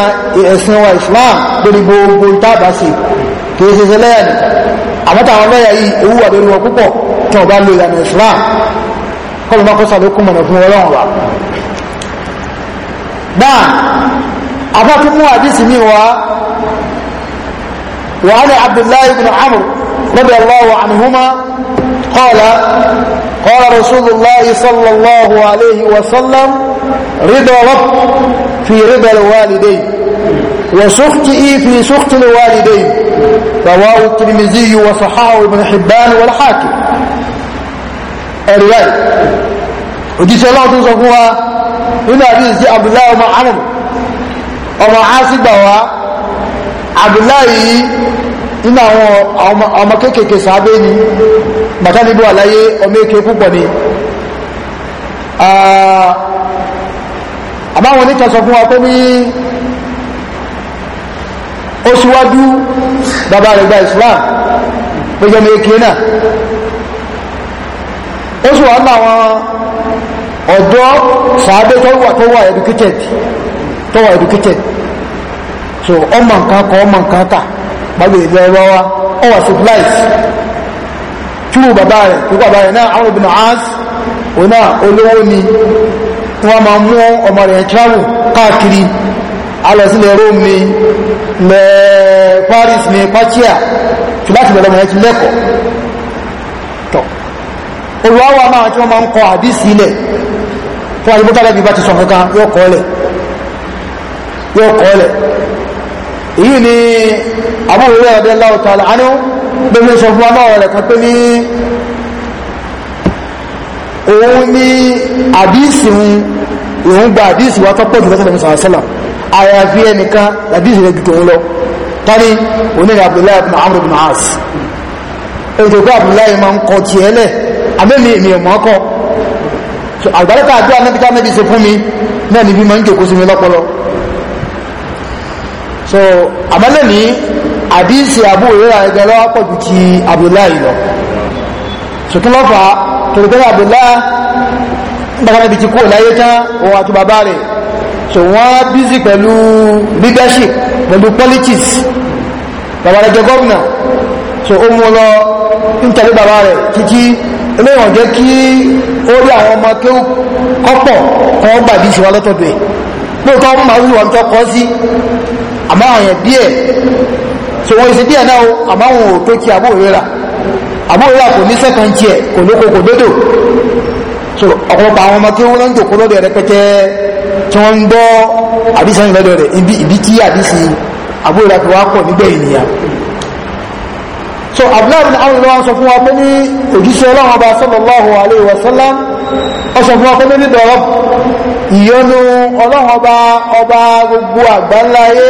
ẹ̀sìn wa Islam lórí gbogbo tábà sí kìí ṣe ṣe lẹ́yà nìkan àmọ́ táwọn lẹ́yà yìí ewu wà lórí wọn púpọ̀ tí wọ́n bá lo ìlànà Islam kọ́lùmọ́ kó sàlékún mọ̀nà fún ọlọ́run wa náà afáfí mú àdísì ní wa wà á ní abdullahi ibn amr radiyallahu anhuma qala qala rasulullahi sallallahu alayhi wa sallam rida rabb fi rida alwalidayn wa sukhti fi sukhti alwalidayn rawahu at-tirmidhi wa sahahahu ibn hibban wal hakim ẹ̀rí báyìí òjíṣẹ́ ọlọ́run tó sọ fún wa nínú àdíṣe sí abdullahi ọmọ anam ọmọ asígbà wa abdullahi yìí nínú àwọn ọmọ kéékèèké sábẹ́ ni màtánibó àláyé ọmọ èké púpọ̀ ni àbáwọn oníkan fún wa pé ní ó síwájú bàbá rẹ̀ gba islam pé jẹ́ ní èké náà ó àwọn ọ̀dọ́ sàábé tó wà educated tó educated so ọmọ nǹkan ọmọ nǹkan kà pàlú ìlú ọ wà supplies bàbá rẹ̀ tó bàbá rẹ̀ náà àwọn obìnrin olówó ni máa mú ọmọ rẹ̀ travel káàkiri Rome ni Paris ni ọmọ rẹ̀ ti lẹ́kọ̀ọ́ máa tí wọ́n máa ń tó wáyé bókálẹ̀ bí bá ti sọ nǹkan yóò kọ́ yóò kọ́ èyí ni àbúrò ọ̀dẹ́ láwùtọ́ àánú pé mi sọ fún ọmọ rẹ̀ kan pé ní òun ní àdísì òun gba àdísì wa tọ́pọ̀ jù lọ́sọ̀lẹ̀ mùsàlá sọ́là tani onírin Abdullahi ibn Amr ibn As ètò pé Abdullahi máa ń kọ tiẹ̀ lẹ̀ àgbàlẹ́ta àjọ anẹ́bíta mẹ́bí ṣe fún mi náà níbi máa ń jòkó sí mi lọ́pọlọ so àmọ́lẹ̀ ní àdíṣe àbú ìrírà ẹgbẹ́ lọ́wọ́ pọ̀ ju ti so kí lọ́fà torípẹ́lẹ̀ Abdullahi bákanábi ti kó láyé tán òun so wọ́n bízì leadership pẹ̀lú politics bàbá rẹ̀ jẹ́ so ó mú lọ ń tẹ̀lé eléyàn jẹ́ kí ó rí àwọn ọmọ tó kọ́pọ̀ kan ó gbàdí ìṣòwò alọ́tọ̀dọ̀ ẹ̀ lóòótọ́ ọmọ àwọn ìwà tó kọ́ sí àmọ́ àwọn èèyàn díẹ̀ tí wọ́n ṣe díẹ̀ náà àmọ́ àwọn ò pé ti àbó ìrera àbó ìrera kò ní sẹ́kàn tiẹ̀ kò ní kò kò dédò so ọ̀pọ̀lọpọ̀ àwọn ọmọ tí wọ́n lọ́n jòkó lọ́dọ̀ rẹpẹtẹ tí wọ́n ń gbọ́ àdìsẹ́yìn lọ́dọ̀ rẹ̀ ibi tí àdìsí àbó ìrera fi wá pọ̀ nígbẹ̀yìn nìyà so abdullahi bin amr wa sọ fún wa pé ní òjíṣẹ́ ọlọ́run ọba sallallahu alayhi wa sallam ó sọ fún wa pé ní dídọ̀rọ̀ ìyọnu ọlọ́run ọba ọba gbogbo àgbáńláyé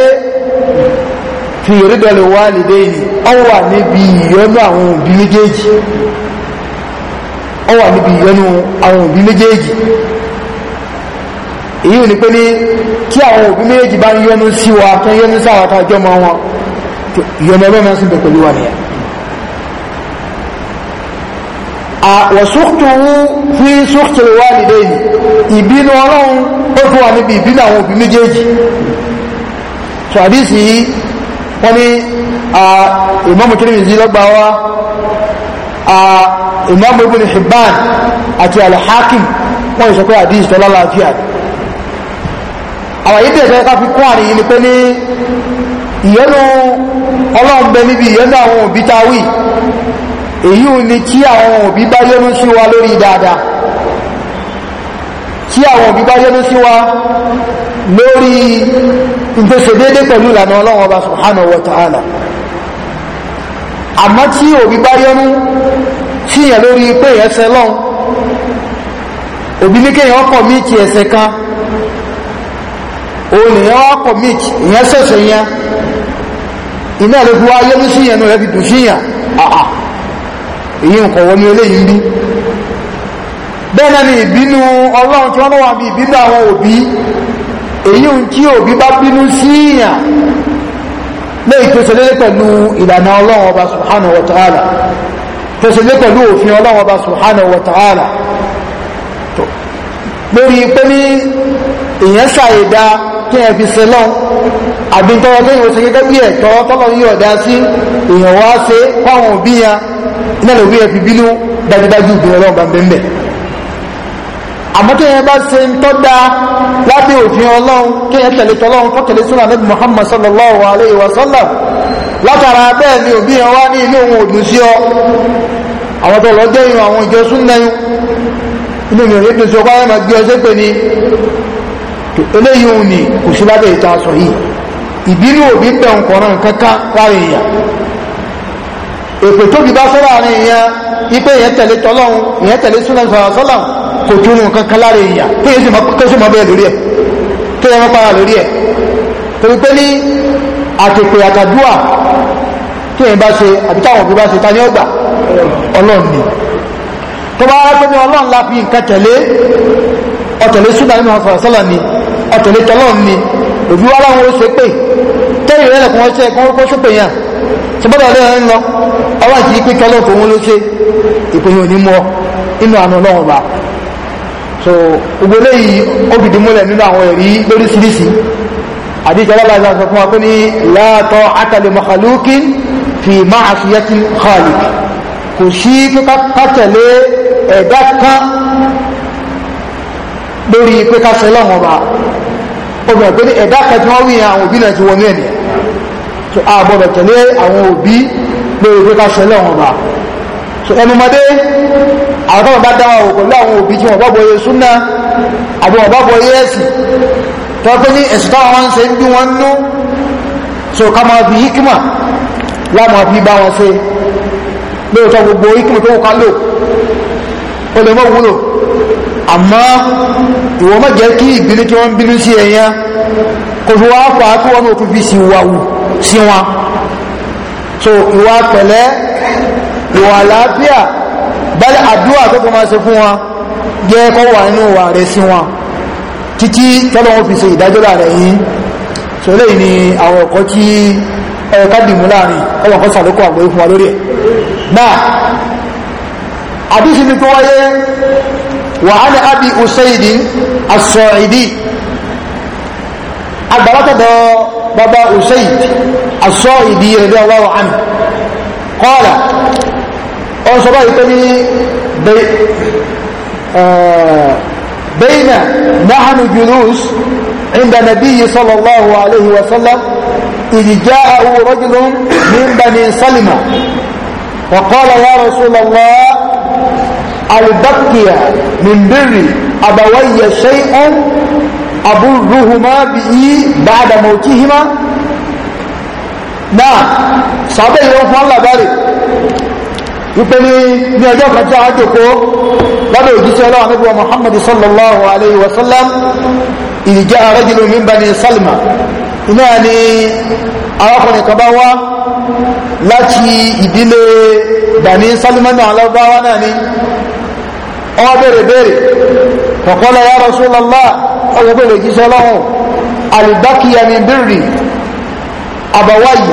fi rídọ̀lẹ̀ wá lédè yìí ó wà níbi ìyọnu àwọn òbí méjèèjì ó wà níbi ìyọnu àwọn òbí méjèèjì èyí ni pé ní tí àwọn òbí méjèèjì bá ń yọnu sí wa tó ń yọnu sáwà tá a wọn ìyọnu ọlọ́run sì bẹ̀ pẹ̀lú wa nìyẹn wọ̀súkúrú fi súkúrú wà nílé ìbínú ọlọ́run ó fún wa níbi ìbínú àwọn òbí méjèèjì tó àdísì yìí wọ́n ní ìmọ́mù Tirmidhi lọ́gbà wa ìmọ́mù Ibn Hibban àti Al-Hakim wọ́n ìsọ pé àdísì tọ́lá láàfíà àwọn yìí tẹ̀sẹ̀ ká fi kún àrí ni pé ní ìyẹnu ọlọ́run bẹ níbi ìyẹnu àwọn òbí táwí èyí ò ní tí àwọn òbí bá yọ́nú sí wa lórí dáadáa tí àwọn òbí bá yọ́nú sí wa lórí ìgbésẹ̀dédé pẹ̀lú ìlànà ọlọ́run ọba subhanahu wa ta'ala àmọ́ tí òbí bá yọ́nú sí yẹn lórí pé ẹsẹ̀ lọ́n òbí ní kéèyàn ọkọ̀ míìtì ẹsẹ̀ kan òun lèyàn ọkọ̀ míìtì ìyẹn sẹ̀sẹ̀ yẹn iná ló fi wá sí yẹn nù fi èyí ń kọ̀wọ́ ní eléyìí bí bẹ́ẹ̀ náà ni ìbínú ọlọ́run tí wọ́n wà bí ìbínú àwọn òbí èyí ń tí òbí bá bínú sí ìyàn lẹ́yìn tó ṣẹlẹ̀ pẹ̀lú ìlànà ọlọ́run ọba subhanahu wa kí ẹ fi ṣe lọ àbí tọrọ tó yíò ṣe gẹ́gẹ́ bí ẹ̀ tọrọ tọ́lọ yíò dá sí èèyàn wá ṣe fáwọn òbí ya nílẹ̀ òbí ẹ fi bínú dájúdájú ìgbìyànjú ọlọ́run bá ń bẹ́ẹ̀ àmọ́ kí ẹ bá ṣe ń tọ́gbà lábẹ́ òfin ọlọ́run kí ẹ tẹ̀lé tọ́lọ́run fọ́tẹ̀lé súnà níbi Muhammad sallallahu alayhi wa sallam látara bẹ́ẹ̀ ni òbí yẹn wá ní ilé òun òdùn sí ọ àwọn tó lọ jẹ́ ìhun àwọn ìjọ súnà yìí inú mi ò ní dùn sí ọkọ ayé máa gbé ọṣẹ́ pè ní tó eléyìí òun ni kò sí lábẹ́ ìta sọ yìí ìbínú òbí tẹ̀ ń kọ̀ọ̀ràn kankan láàrin èèyàn èpè tóbi bá sọ́rọ̀ àárín èèyàn ipe èèyàn tẹ̀lé tọ́lọ́hún èèyàn tẹ̀lé súnà sọ̀rọ̀ sọ́lọ̀ kò túnú kankan láàrin èèyàn tó yẹ kó sì mọ bẹ́ẹ̀ lórí ẹ̀ tó yẹ mọ́ para lórí ẹ̀ torí pé ní àtẹ̀pẹ̀ àtàdúà tí èèyàn bá ṣe àbí táwọn òbí bá ṣe ta ní ọgbà ọlọ́run tó bá wá ni ọ̀tẹ̀lẹ̀ tọ́lọ́run ni òbí wá láwọn ó ṣe pé tẹ́yìn rẹ̀ lẹ́kùn ọṣẹ́ kan ó ṣùpè yàn tí bọ́dọ̀ ọ̀lẹ́ ń lọ ọwọ́ àti ìpín tọ́lọ́ kò wọ́n ló ṣe ìpinnu òní mọ́ inú àna ọlọ́run bá so gbogbo eléyìí ó fìdí múlẹ̀ nínú àwọn ẹ̀rí lóríṣiríṣi àdíjẹ́ alábàáṣá sọ fún wa pé ní láàtọ̀ àtàlẹ̀ mọ̀kàlùkì fi máa fi yẹ́ ti khaliq kò sí kíkà ẹ̀dá kan lórí pé ká ṣe lọ́wọ́n bá obìnrin pé ní ẹ̀dá kan tí wọ́n wí àwọn òbí náà ti wọnú ẹ̀mí so a gbọ́dọ̀ tẹ̀lé àwọn òbí lórí pé ká ṣẹlẹ̀ wọn so ẹnu mọdé àwọn tó wọn bá dáwà wò pẹ̀lú àwọn òbí tí wọn bá bọyé súnà àbí wọn ní ẹ̀sìn so ká máa fi hikima láwọn fi bá wọn ṣe lóòótọ́ gbogbo hikima tó wù àmọ́ ìwọ má jẹ́ kí ìbínú tí wọ́n bínú sí ẹ̀yẹn kò fi wá fà á kí wọ́n òkú fi sí wà wù sí wọn so ìwà pẹ̀lẹ́ ìwà àlàáfíà bẹ́ẹ̀ àdúrà tó kọ́ máa ṣe fún wọn jẹ́ kọ́ wà nínú wà rẹ̀ sí wọn títí tọ́lọ́ wọn fi ṣe ìdájọ́ láàrẹ̀ yìí so lẹ́yìn ni àwọn ọ̀kọ́ tí ẹ̀ka dìmú láàrin ọwọ́n kan sàlékọ́ àgbẹ̀ fún wa lórí ẹ̀ náà àdúṣe ni tó wáyé وعن أبي أسيد الصاعدي أدرك بابا أسيد الصاعدي رضي الله عنه قال أصبحتني بي آه، بين نحن جلوس عند النبي صلى الله عليه وسلم إذ جاءه رجل من بني سلمة وقال يا رسول الله albakiya min birri abawayya shay'an aburruhuma bihi ba'da mautihima náà sábẹ́ ìwọ̀n fún alábárì wípé ní ní ọjọ́ kan tí a jòkó lọ́dọ̀ òjíṣẹ́ ọlọ́wọ́ níbi wa muhammad sallallahu alayhi wa sallam ìdíjẹ́ arajulu min bani salma iná ni arákùnrin kan bá wá láti ìdílé bani salma náà lọ́bàá wá náà ni ọwọ́ bèrè bèrè fọ̀kọ́lá ya Rasulullah ọwọ́ bèrè jíṣẹ́ lọ́hùn alìbákiyà ní bírì àbáwáyà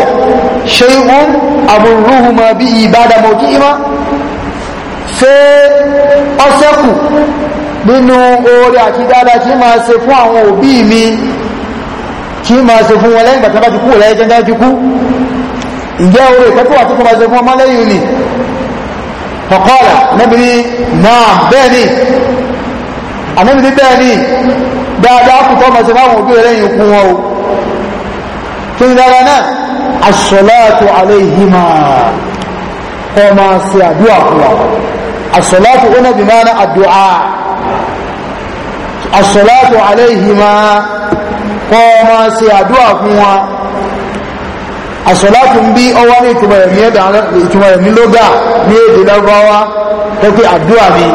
ṣe ń àbúrúhùmá bí ìbádàmọ̀ kí ima ṣe ọ́sẹ́kù nínú oore àti dáadáa kí máa ṣe fún àwọn òbí mi kí máa ṣe fún wọn lẹ́yìn fọ̀kọ́lá nẹ́bí ní náà bẹ́ẹ̀ ni ànẹ́bí ní bẹ́ẹ̀ ni dáadáa kù tọ́ màṣẹ fáwọn òbí rẹ̀ yìí kún wọn o kí ni dára náà asọ̀láàtò aléhìmá kọ́ máa ṣe àdúrà fún wa asọ̀láàtò ó nàbì máa ná àdúrà asọ̀láàtò aléhìmá kọ́ máa ṣe àdúrà fún wa àsọ̀látù ń bí ọwọ́ ní ìtumọ̀ ẹ̀mí ẹ̀dà ìtumọ̀ ẹ̀mí lógà ní èdè lọ́gbàwá tó pé àdúrà ni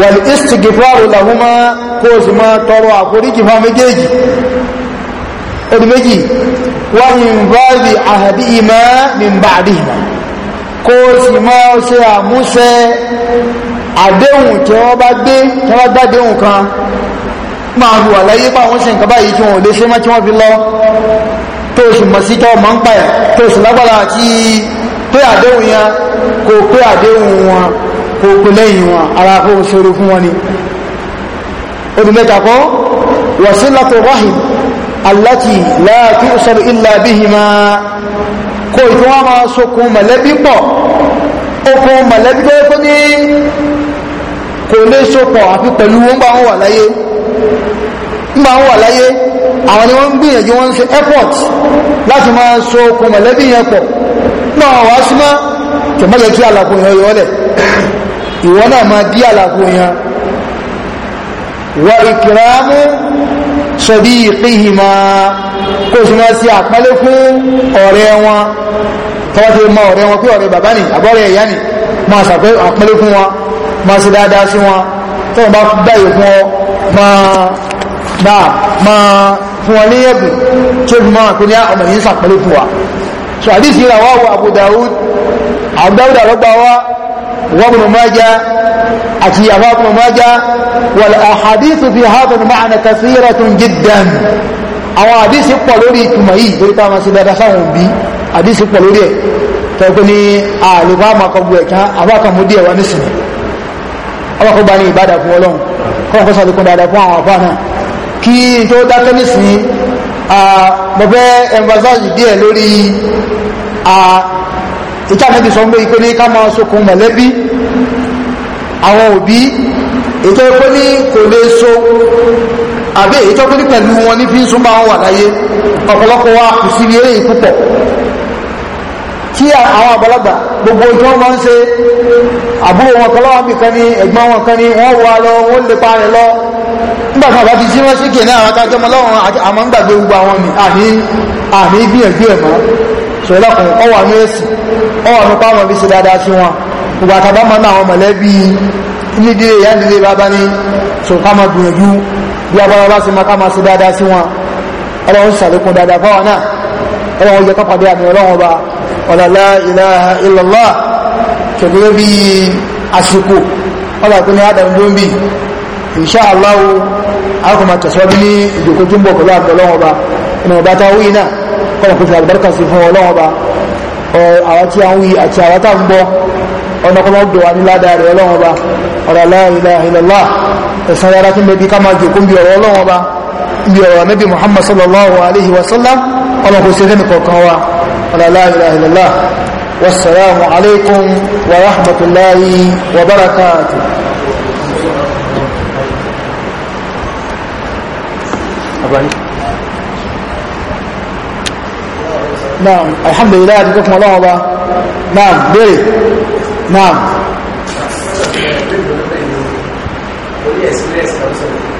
wal istighfaru lahuma kó o sì máa tọrọ àforíjì fún méjèèjì odi méjì wọ́n yìí bá di àhàdí ìmọ̀ ní bàdí kó o sì máa ṣe àmúṣẹ àdéhùn tí wọ́n bá gbé tí wọ́n bá déhùn kan máa hùwà láyé bá wọ́n ṣe nǹkan báyìí tí wọ́n lè ṣe mọ́ tí wọ́n fi lọ tó o sì mọ̀ sí tọ́ ọmọ ń pa ẹ̀ tó o sì lágbára àti pé àdéhùn yẹn kò pé àdéhùn wọn kò pé lẹ́yìn wọn ara kó o ṣòro fún wọn ni. odù mẹ́ta kọ́ wasilatu rahim allati la tu'sal illa bihima kó ìtò wọn máa sokun mọ̀lẹ́bí pọ̀ okun mọ̀lẹ́bí tó yẹ ní kò lè sopọ̀ àfi pẹ̀lú wọn bá wọn wà láyé ń bá ń wà láyé àwọn ni wọ́n ń gbìyànjú wọ́n ń ṣe airport láti máa so okùn mọ̀lẹ́bí yẹn pọ̀ ń bá wọn wá sí mọ́ kò má yẹ kí àlàkù yẹn yọ ọ́lẹ̀ ìwọ náà máa dí àlàkù yẹn wà ìkìrámù sọ̀bí ìpíhìmá kó sì máa ṣe àpálẹ́ fún ọ̀rẹ́ wọn tọ́wọ́ ti mọ ọ̀rẹ́ wọn pé ọ̀rẹ́ bàbá ni àbọ̀rẹ́ ìyá ni máa ṣàpẹ́ àpálẹ́ fún wọn máa ṣe dáadáa sí wọn tọ́wọ́ bá dáyè fún ọ máa bá máa fún wọn ní ẹ̀bùn tí ó so àdísì yìí làwọn àwọn Abu Dawud Abu Dawud àlọ́gbà wa wọ́n mọ̀ máa já àti àwọn ọmọ máa já wal ahadithu fi hadha al-ma'na kathiratun jiddan àwọn àdísì pọ̀ lórí ìtumọ̀ yìí lórí táwọn máa ṣe dáadáa sáwọn òbí kọ́ ọ̀kọ́ sàlékún dáadáa fún àwọn àfá náà kí tó dákẹ́ nísìnyí mo fẹ́ emphasize díẹ̀ lórí ìta níbi sọ pé ìpínlẹ̀ ká máa sokùn mọ̀lẹ́bí àwọn òbí ètò ẹ̀kọ́ ní kò lè so àbí ètò ẹ̀kọ́ ní pẹ̀lú wọn ní fi ń súnmọ́ wà láyé ọ̀pọ̀lọpọ̀ wa kù sí ilé yìí tí àwọn àgbàlagbà gbogbo tí wọ́n máa ń ṣe àbúrò wọn kan lọ́wọ́ nìkan ni ẹ̀gbọ́n wọn kan ni wọ́n wà lọ wọ́n lè pa rẹ̀ lọ nígbà kan àbáfi sí wọ́n sí kìíní àwọn akájọ́ ọmọ lọ́wọ́ àmọ́ ń gbàgbé gbogbo àwọn ni àní àní gbìyànjú ẹ̀ mọ́ sọ̀rọ̀ kan ọ wà ní èsì ọ wà ní pàmò bí ṣe dáadáa sí wọn gbogbo àtàbá máa ń àwọn mọ̀lẹ́bí nídìí ìyá wala la ilaha illallah kẹ̀kẹ́ bí àsìkò wọ́n bá kún ní adam dombi insha Allah a kò máa tẹ̀síwájú ní ìjòkó túnbọ̀ pẹ̀lú àgbẹ̀ ọlọ́wọ́n ba ìnà ọba tá wí náà kọ́nà kò fi àlùbáríkà sí fún ọlọ́wọ́n ba àwọn tí a ń wí àti àwọn tá ń bọ́ ọ̀nà kọ́nà ọdọ̀ wa ní ládàá rẹ̀ ọlọ́wọ́n ba ọ̀rọ̀ على لا إله إلا الله والسلام عليكم ورحمة الله وبركاته نعم الحمد لله جزاكم الله الله نعم بيري نعم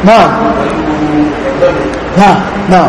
نعم نعم نعم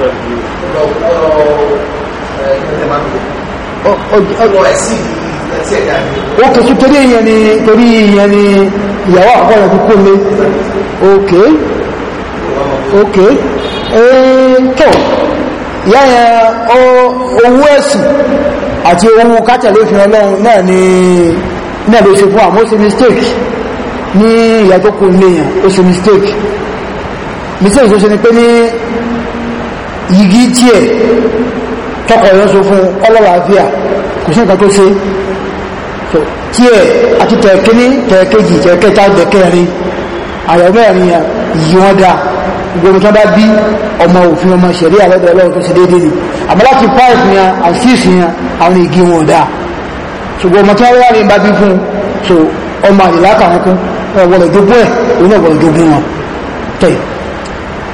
ókè tó torí èyàn ni torí èyàn ni ìyàwó àkọ́kọ́ rẹ̀ kúkú lé ókè ókè tó ìyá yẹn owó ẹ̀sùn àti owó kátẹ̀lé fi ọlọ́run náà ni náà ló ṣe fún àmọ́ ṣe mistake ní ìyà tó kú léyàn ó ṣe mistake mistake tó ṣe ni pé ní yìgì díẹ̀ tọkọ̀ yẹn so fún ọlọ́làáfíà kò sí nǹkan tó ṣe díẹ̀ àti tẹ̀kíní tẹ̀kejì tẹ̀kẹta tẹ̀kẹrin àyọ̀ mẹ́rin yẹn yìí wọ́n dáa gbogbo tó bá bí ọmọ òfin ọmọ ṣẹ̀rí àlọ́dọ̀ ọlọ́run tó ṣe déédéé ni àmọ́ láti pipe yẹn àti six yẹn àwọn igi wọn dáa ṣùgbọ́n ọmọ tí wọ́n wá ní bá bí fún so ọmọ àdìlá kàwọn kún ọ̀wọ́lẹ̀ jogún ẹ̀ òun náà wọ̀lẹ̀ wọn tẹ̀yìn.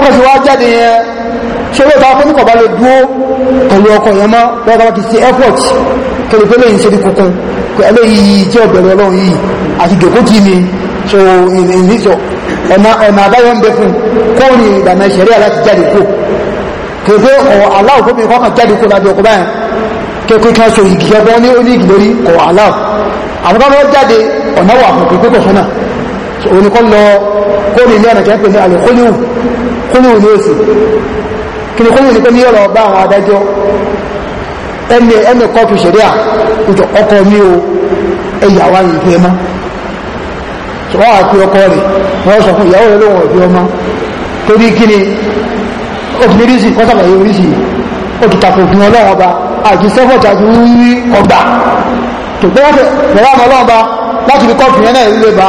tọ́kọ̀ sí wá jáde yẹn ṣe ló ta fún kọ̀bá lè dúó pẹ̀lú ọkọ̀ yẹn mọ́ lọ́wọ́ bá ti ṣe airport kẹlẹ̀ pé lẹ́yìn ṣe ní kunkun pé eléyìí jẹ́ ọ̀bẹ̀rẹ̀ ọlọ́run yìí àti dòkójì ni so ìrìnlẹ́sọ̀ ọ̀nà ọ̀nà àbáyọ ń bẹ fún kóòrì ìdàmẹ́ ìṣẹ̀rí aláti jáde kó kèfé aláwọ̀ fún mi kọ́kàn jáde kó lábẹ́ ọkọ̀ báyẹn kékeré kan so ìgì ẹgbẹ́ ní ó ní ìgì lórí kọ̀ aláwọ̀ àwọn kan jáde ọ̀nà wà fún pípẹ́ kọ̀ fún náà oníkọ́ lọ kó ní ilé ọ̀nà kẹ́ pẹ̀lú àlùkúlù kúlù ní òsì kí ni kúlù ní pé ní ọ̀rọ̀ bá àwọn adájọ́ ẹni ẹni kọ́ọ̀tù ṣẹ̀ríà ìjọ ọkọ mi o ẹ̀yà wa yìí fi ẹmọ wọ́n á pe ọkọ rẹ̀ wọ́n sọ fún ìyàwó rẹ̀ lóhùn ọ̀fẹ́ ọmọ torí kí ni òfin oríṣi kọ́sàlàyé oríṣi rí ọgbà tògbọ́n náà ilé bá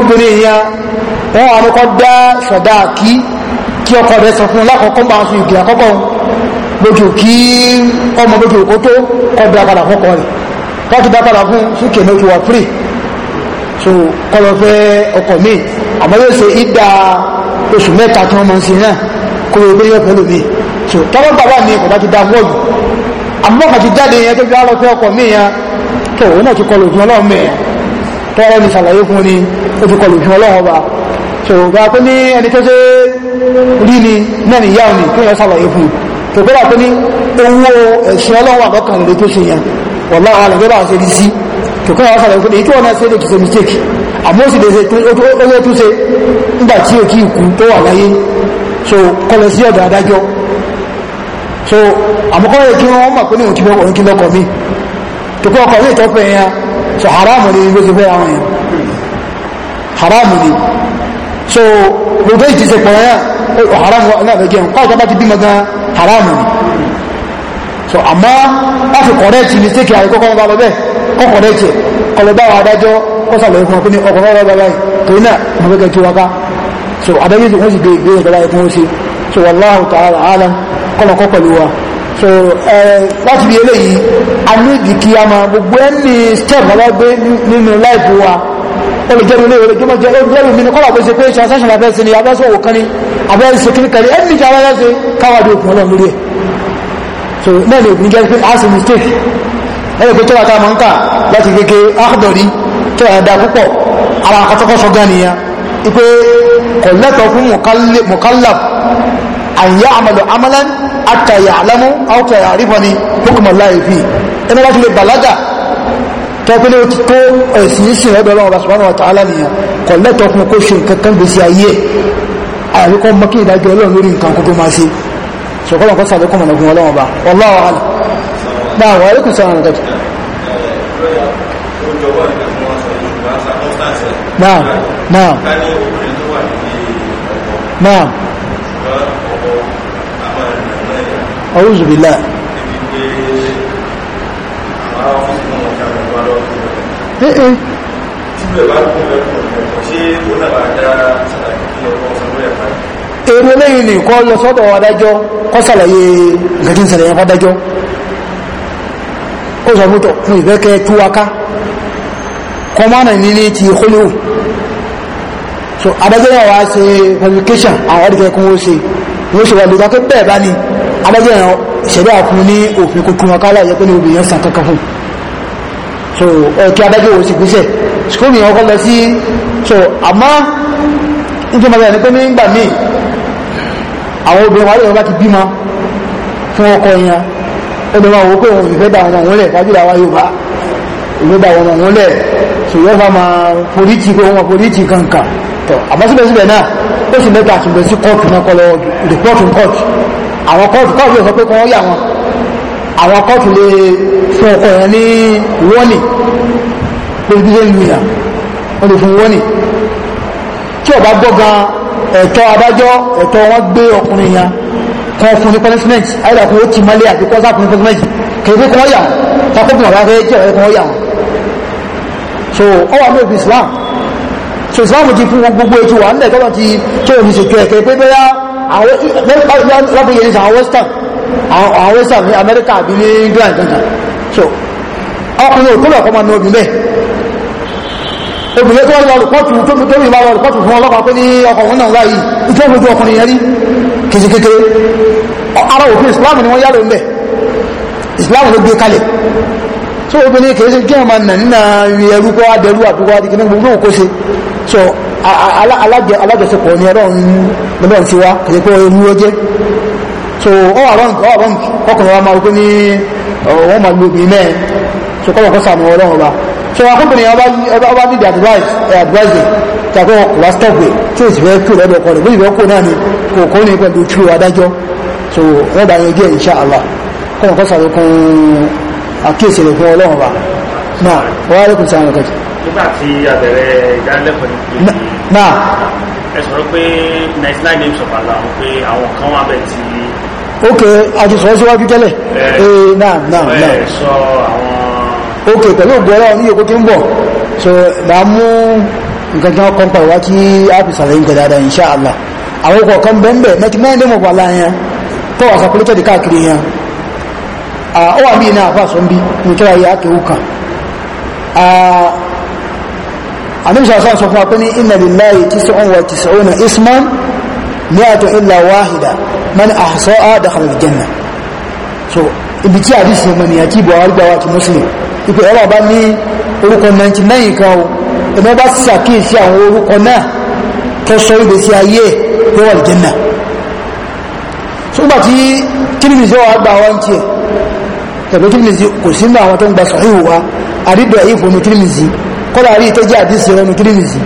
obìnrin yẹn wọ́n wà ní kọ́ dá sọ̀dá kí kí ọkọ rẹ̀ sọ fún un lákọ̀ọ́kọ́ bá fi ìgbìyà kọ́kọ́ lójú kí ọmọ lójú òkó tó kọ́ dá padà fọ́kọ rẹ̀ wọ́n ti dá padà fún súnkè ní oṣù wà pírì so kọ́lọ́ fẹ́ ọkọ mi àmọ́ yóò ṣe ìdá oṣù mẹ́ta tí wọ́n mọ̀ sí náà kó o gbé yọ̀ pẹ̀lú mi so tọ́lọ́ bàbá mi kò bá ti dá wọ́ọ̀lù àmọ́ kàti jáde yẹn tó fi wá lọ fẹ́ ọkọ mi yẹn tó òun náà ti kọlu òfin ọlọ́run mẹ́ẹ̀ tọ́rẹ́ ní sàlàyé fún ni ó ti kọlù fún ọba ṣògbà pé ní ẹni tó ṣe rí ni náà ní ìyá òní kí sàlàyé fún ṣògbà pé ní owó ẹ̀sìn ọlọ́run tó ṣe yẹn wọ̀lá àwọn àlẹ́ bá ṣe rí sí ṣògbà wọn ní ìtọ́pẹ̀ yẹn so haram ni bó ṣe fẹ́ àwọn èèyàn haramu ni so gbogbo ìtì ṣe pọ̀rọ̀ Haram. haramu náà fẹ́ jẹun káwọ́ tó bá ti bímọ gan haramu ni so àmọ́ wọ́n fi kọ̀rẹ́ẹ̀tì ní tẹ́kì àríkọ́ kọ́ bá lọ bẹ́ẹ̀ kọ́ kọ̀rẹ́ẹ̀tì kọlọ̀ bá wa adájọ́ kọ́ sàlọ̀yìn fún ọkùnrin ọkùnrin ọ̀rọ̀ bàbá yìí torí náà mo fẹ́ kẹ́ tí wọ́n bá so adájọ́ ti wọ́n sì gbé ìgbé ìgbé ìgbé ìgbé so wallahu ta'ala alam kọ́lọ̀kọ́ pẹ̀lú wa so eh, láti bí eléyìí a nídi kí a máa gbogbo ẹni step ọba gbé nínú láìpù wa ó lè jẹ́rù ilé ìrẹ́jú mọ́ jẹ́ ẹgbẹ́rù mi ní kọ́lá bó ṣe pé transaction abẹ́ sí ni abẹ́ sọ òkan ni abẹ́ sí kí ní kẹrì ẹni ìjà wáyé sí káwàdí òkun ọlọ́run lórí ẹ̀ so náà lè ní jẹ́ pé a sì mistake ẹni pé tó wà ká máa ń kà láti gẹ́gẹ́ ákùdọ̀rí tó wà dá púpọ̀ ara akọ́tọ́kọ́ sọ gan nìyẹn ipe kọ̀lẹ́tọ̀ fún mọ̀kálà an ya'malu amalan hatta ya'lamu aw ta ya'rifa ni hukm Allah fi ina ba tile balaga to pe le ti ko esi si ọ̀dọ̀ Ọlọ́run ba subhanahu wa ta'ala ni ko le to kun ko ṣe nǹkan kan bi si ayé ari ko mo ki ìdájọ́ Ọlọ́run lórí nǹkan ko to ma ṣe so ko ko sabe ko mo na gun Ọlọ́run ba wallahu a'lam na wa alaikum salam wa Naam, naam, naam. a'udhu billah eh, eh. èrò lẹ́yìn lè kọ́ lọ sọ́dọ̀ adájọ́ kọ́ sàlàyé ìgbẹ̀jìn sàlàyé fádájọ́ ó sọ mútọ̀ fún ìfẹ́kẹ́ túwaká kọmọ́nà nílé ti kólówù so adájọ́ yà wá ṣe publication àwọn ọdíkẹ́kún ó ṣe wọ́n ṣe wà lè dákẹ́ bẹ́ẹ̀ bá ní adájọ́ ẹ̀rọ ìṣẹ̀lẹ̀ àkún ní òfin kòkòrò ọkálà yẹ pé ní obìnrin sàn kankan fún so ẹ̀kí adájọ́ òsì gbéṣẹ̀ ṣùgbọ́n ìyẹn ọkọ̀ lọ sí so àmọ́ nítorí mọ́ta ní pé ní ìgbà míì àwọn obìnrin wà lóyún bá ti bímọ fún ọkọ yẹn ó lè máa wò pé òun ìfẹ́ da àwọn ọmọ òun lẹ̀ dájú àwa Yorùbá ìfẹ́ da àwọn ọmọ òun lẹ̀ so yóò fà máa foríjì pé wọn foríjì àwọn kóòtù kóòtù yóò sọ pé kí wọ́n yà wọn àwọn kóòtù lè fún ọkọ yẹn ní wọ́nì pé bí yẹn lu yàn wọ́n lè fún wọ́nì tí ọba gbọ́ gan ẹ̀tọ́ adájọ́ ẹ̀tọ́ wọn gbé ọkùnrin yẹn kọ́ fún ní punishment ayélujára ó ti mọ́lé àti kọ́sá fún ní punishment kèrè kí wọ́n yà wọn takókùn ọ̀rọ̀ afẹ́ jẹ́ ọ̀rẹ́ kí wọ́n yà wọn so ọ wà lóògùn Islam so Islam ti fún gbogbo ètò wà ń lẹ̀ tọ́lọ́ ti tó omi ṣètò ẹ̀kẹ́ pé bẹ́yà lábúyé ní àwọn western àwọn western ní Amẹ́ríkà àbí ní England kankan so ọkùnrin ò kúrò ọkọ̀mọ́ ní obìnrin bẹ́ẹ̀ obìnrin tó lọ rìpọ́tù tó bí bá lọ rìpọ́tù fún ọlọ́pàá pé ní ọkùnrin náà láyìí ìjọ́ ojú ọkùnrin yẹn rí kìí kékeré ara òfin Islam ni wọ́n yálò ń bẹ̀ Islam ló gbé kalẹ̀ so obìnrin kìí ṣe kí ọmọ nà nínà ẹrú kọ́ adẹrú àbúkọ́ adìgí ní gbogbo òkú ṣe so alájọsẹpọ̀ ni ọlọ́run ti wá kìí pé ẹmú ó jẹ́ so ọ̀rọ̀nkì ọkùnrin wa máa rúkú ní wọ́n máa lo obìnrin so kọ́ ọkọ̀ sàmì ọlọ́run ọba so akọ́bìnrin ọba need advice eh, advice tàbí ọkọ̀ wá stọ̀gbẹ̀ tí ó sì fẹ́ kú lọ́dọ̀ ọkọ̀ rẹ̀ bí ìfẹ́ kú náà ni kò kó ní pẹ̀lú true adájọ́ so wọ́n yẹn jẹ́ insha Allah kọ́ ọkọ̀ àkíyèsí rẹ̀ fún ọlọ́run bá náà wọ́n á lẹ́kùn sáà lọ́kọ̀jì. nígbà tí àbẹ̀rẹ̀ ìdánilẹ́kọ̀ọ́ ní pé ẹ sọ̀rọ̀ pé ninety nine names of Allah pé àwọn kan wà bẹ̀ tí. ok àti sọ̀rọ̀ síwájú tẹ́lẹ̀ ee eh, náà náà náà. sọ àwọn. ok pẹ̀lú ògùn ọlọ́run ní yòókù tí ń bọ̀ so là á mú nǹkan tí wọ́n kọ́ ń pa a fi sàlẹ̀ nǹkan dáadáa insha Allah àwọn ọkọ̀ kan bẹ́ẹ̀ bẹ́ẹ̀ ninety nine names of Ah, ó wà bí iná àfáàsọ ń bí nìkíra yìí ákèwú kan àníbìsà sọ sọ fún wa pé ní inna lillahi tis'un wa tis'una isman mi'atun illa wahida man ahsa'a dakhala al-janna so ibi tí àdìsí ọmọ nìyà tí buhari ti muslim ipò ẹ̀rọ ní orúkọ 99 tẹ̀pẹ́ tìrìmìsì kò sínú àwọn tó ń gba sọ̀híhù wa àrídọ̀ ìfò ní tìrìmìsì kọ́lá rí ìtẹ́jẹ́ àdísì rẹ̀ ní tìrìmìsì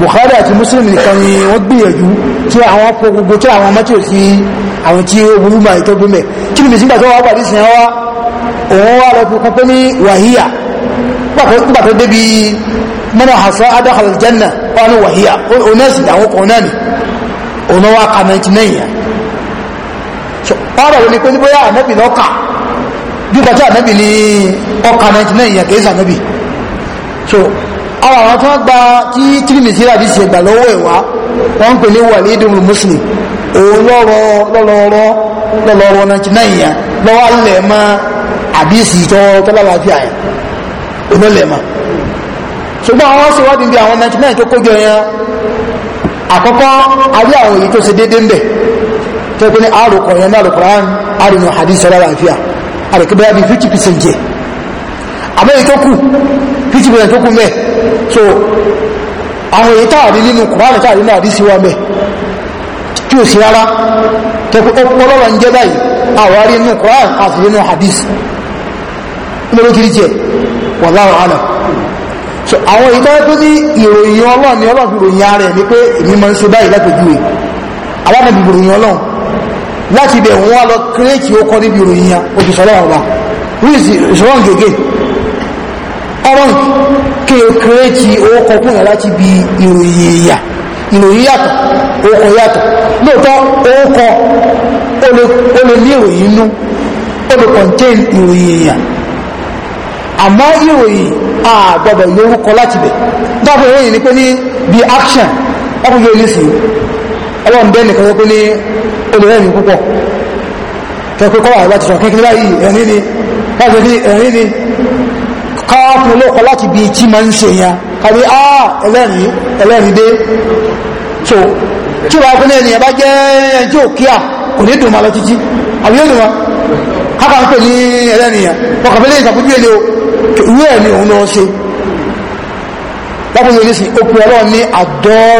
Bukhari àti Muslim nìkan ni wọ́n gbìyànjú tí àwọn pọ̀ gbogbo tí àwọn ọmọ tí ò sí àwọn tí ó burú máa tó gbúmẹ̀ tìrìmìsì gbà tó wà pàdé sí wa òun wà lọ fi kún pé ní wàhíyà nígbà tó débi mọ́nà àṣọ adáhàlì jẹ́nà wà ní wàhíyà òun àwọn kan náà ni òun wà ká 99 yẹn. ọ̀rọ̀ ni pé ní bóyá àmẹ́bì lọ́kà bípa tí ànábì ní ọkà 99 yẹn kìí sànábì so àwọn àwọn tó gba tí tìrìmìtì àbí ṣe gbà lọ́wọ́ ìwá wọ́n ń pè ní Walid ibn Muslim òun lọ́rọ̀ lọ́lọ́rọ́ lọ́lọ́rọ́ 99 yẹn lọ́wọ́ alẹ́ mọ́ àdísì tó tọ́lálàáfíà yẹn olólẹ̀ mọ́ ṣùgbọ́n àwọn ṣèwádìí bí àwọn 99 tó kójọ yẹn àkọ́kọ́ àrí àwọn èyí tó ṣe déédéé ń bẹ̀ tó pé ní àròkọ̀ yẹn ní àròkọ̀ àrẹ̀kẹ́ bẹ́yà bí 50% jẹ́ àmọ́ èyí tó kù 50% tó kù mẹ́ so àwọn èyí táàrí nínú kùránù táàrí náà rí sí wa mẹ́ tí ò sí rárá tẹ́kù ọpọlọ́wọ́ ń jẹ́ báyìí àwárí nínú kùránù àti nínú so àwọn èyí tó yẹ pé ní ìròyìn ni ọlọ́run fi ròyìn ni pé èmi máa ń ṣe báyìí lápèjúwe alábàbí láti ibẹ̀ wọ́n lọ kíréèkì ó kọ́ níbi ìròyìn ya ó ti sọ́lọ́ ọba ìṣòwòn gègé ọ̀rọ̀n kí o kíréèkì ó kọ́ fún ẹ̀ láti ibi ìròyìn ìyà ìròyìn yàtọ̀ ó kọ́ yàtọ̀ lóòótọ́ ó kọ́ ó lè ní ìròyìn inú ó lè contain ìròyìn ìyà àmọ́ ìròyìn a gbọ́dọ̀ lórúkọ láti bẹ̀ dábò ìròyìn ni pé ní the action ọkùnrin yóò ní sí i ọlọ́run bẹ́ẹ̀ nìkan pé ní olùrẹ́rìn púpọ̀ kẹ́kẹ́ kọ́ àwọn àtìsàn kékeré báyìí ẹ̀rín ni láti ní ẹ̀rín ni káàkùn olóòkọ láti bí tí ma ń ṣe yẹn kàbí á ẹlẹ́rìn ẹlẹ́rìn dé so tí wàá pín ẹni ẹ̀bá jẹ́ ẹjọ́ kíá kò ní dùn ma lọ títí àbí dùn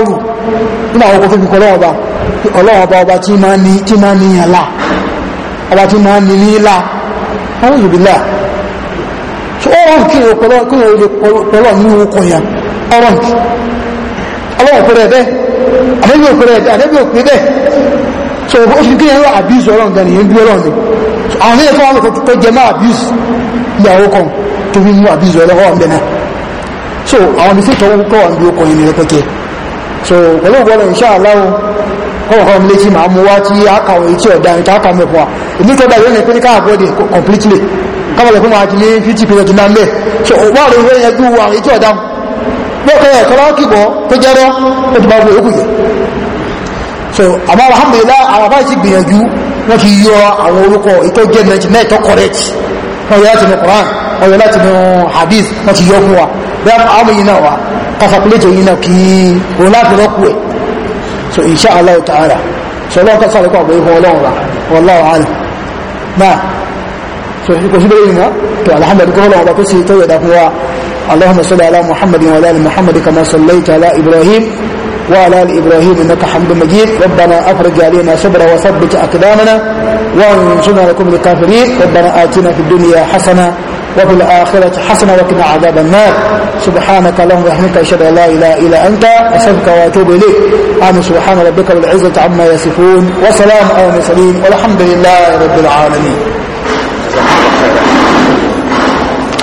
ma nígbà àwọn kò fi kọ́ ọlọ́wọ́n ọba ọlọ́wọ́n ọba ọba tí máa ní tí máa níyàn lá ọba tí máa ní ní lá àwọn yìí lá ṣé ó rọrùn kí ọlọ́wọ́n kí ọlọ́wọ́n ní okùn yẹn ọrọ̀n kí ọlọ́wọ́n pẹ̀lẹ́ bẹ́ẹ̀ àdébí òpèrè bẹ́ẹ̀ àdébí òpèrè bẹ́ẹ̀ so ó fi kéèyàn lọ abuse ọlọ́run gan nìyẹn bí ọlọ́run ni àwọn ilé kan wọn tó jẹ mọ́ abuse ìyàwó kan tó fi mú abuse ọlọ́run bẹ́ẹ̀ náà so àwọn ibi tí ìtọ́wọ́ kọ́ wà níbi okùn yẹn ni rẹpẹtẹ so pẹ̀lú ìgbọ́lẹ̀ insha Allah kọ́wọ̀kọ́ mi létí máa mú wá tí a kàwọ̀ ọ̀dá ìta kà ìlú tó dáyé ní pínká àbọ́dì completely kábàlẹ̀ fún máa di 50% náà mẹ́ so wà lè wé ẹgbẹ́ wa èyí tí ọ̀dá so àmọ́ alhamdulillah àwọn abáyé ti gbìyànjú wọ́n ti kásápúlétò yìí náà kí òun láti rọ́pù ẹ̀ so insha Allah ta'ala so ọlọ́run kásá lè kọ́ àgbẹ̀ ìfọ̀ ọlọ́run ra wallahu alam náà so kò sí bẹ́ẹ̀ yìí mọ́ tó alhamdulilayi kọ́ ọlọ́run ọba kó sì tó yẹ dákun wa اللهم صل على محمد وعلى ال محمد كما صليت على ابراهيم وعلى ال ابراهيم انك حمد مجيد ربنا افرج علينا صبرا وثبت اقدامنا وانصرنا لكم الكافرين ربنا اتنا في الدنيا حسنه وفي الآخرة حسنة وكنا عذاب النار سبحانك اللهم وبحمدك أشهد أن لا إله إلا أنت أسألك وأتوب إليك آمين سبحان ربك بالعزة عما يصفون وسلام على المرسلين والحمد لله رب العالمين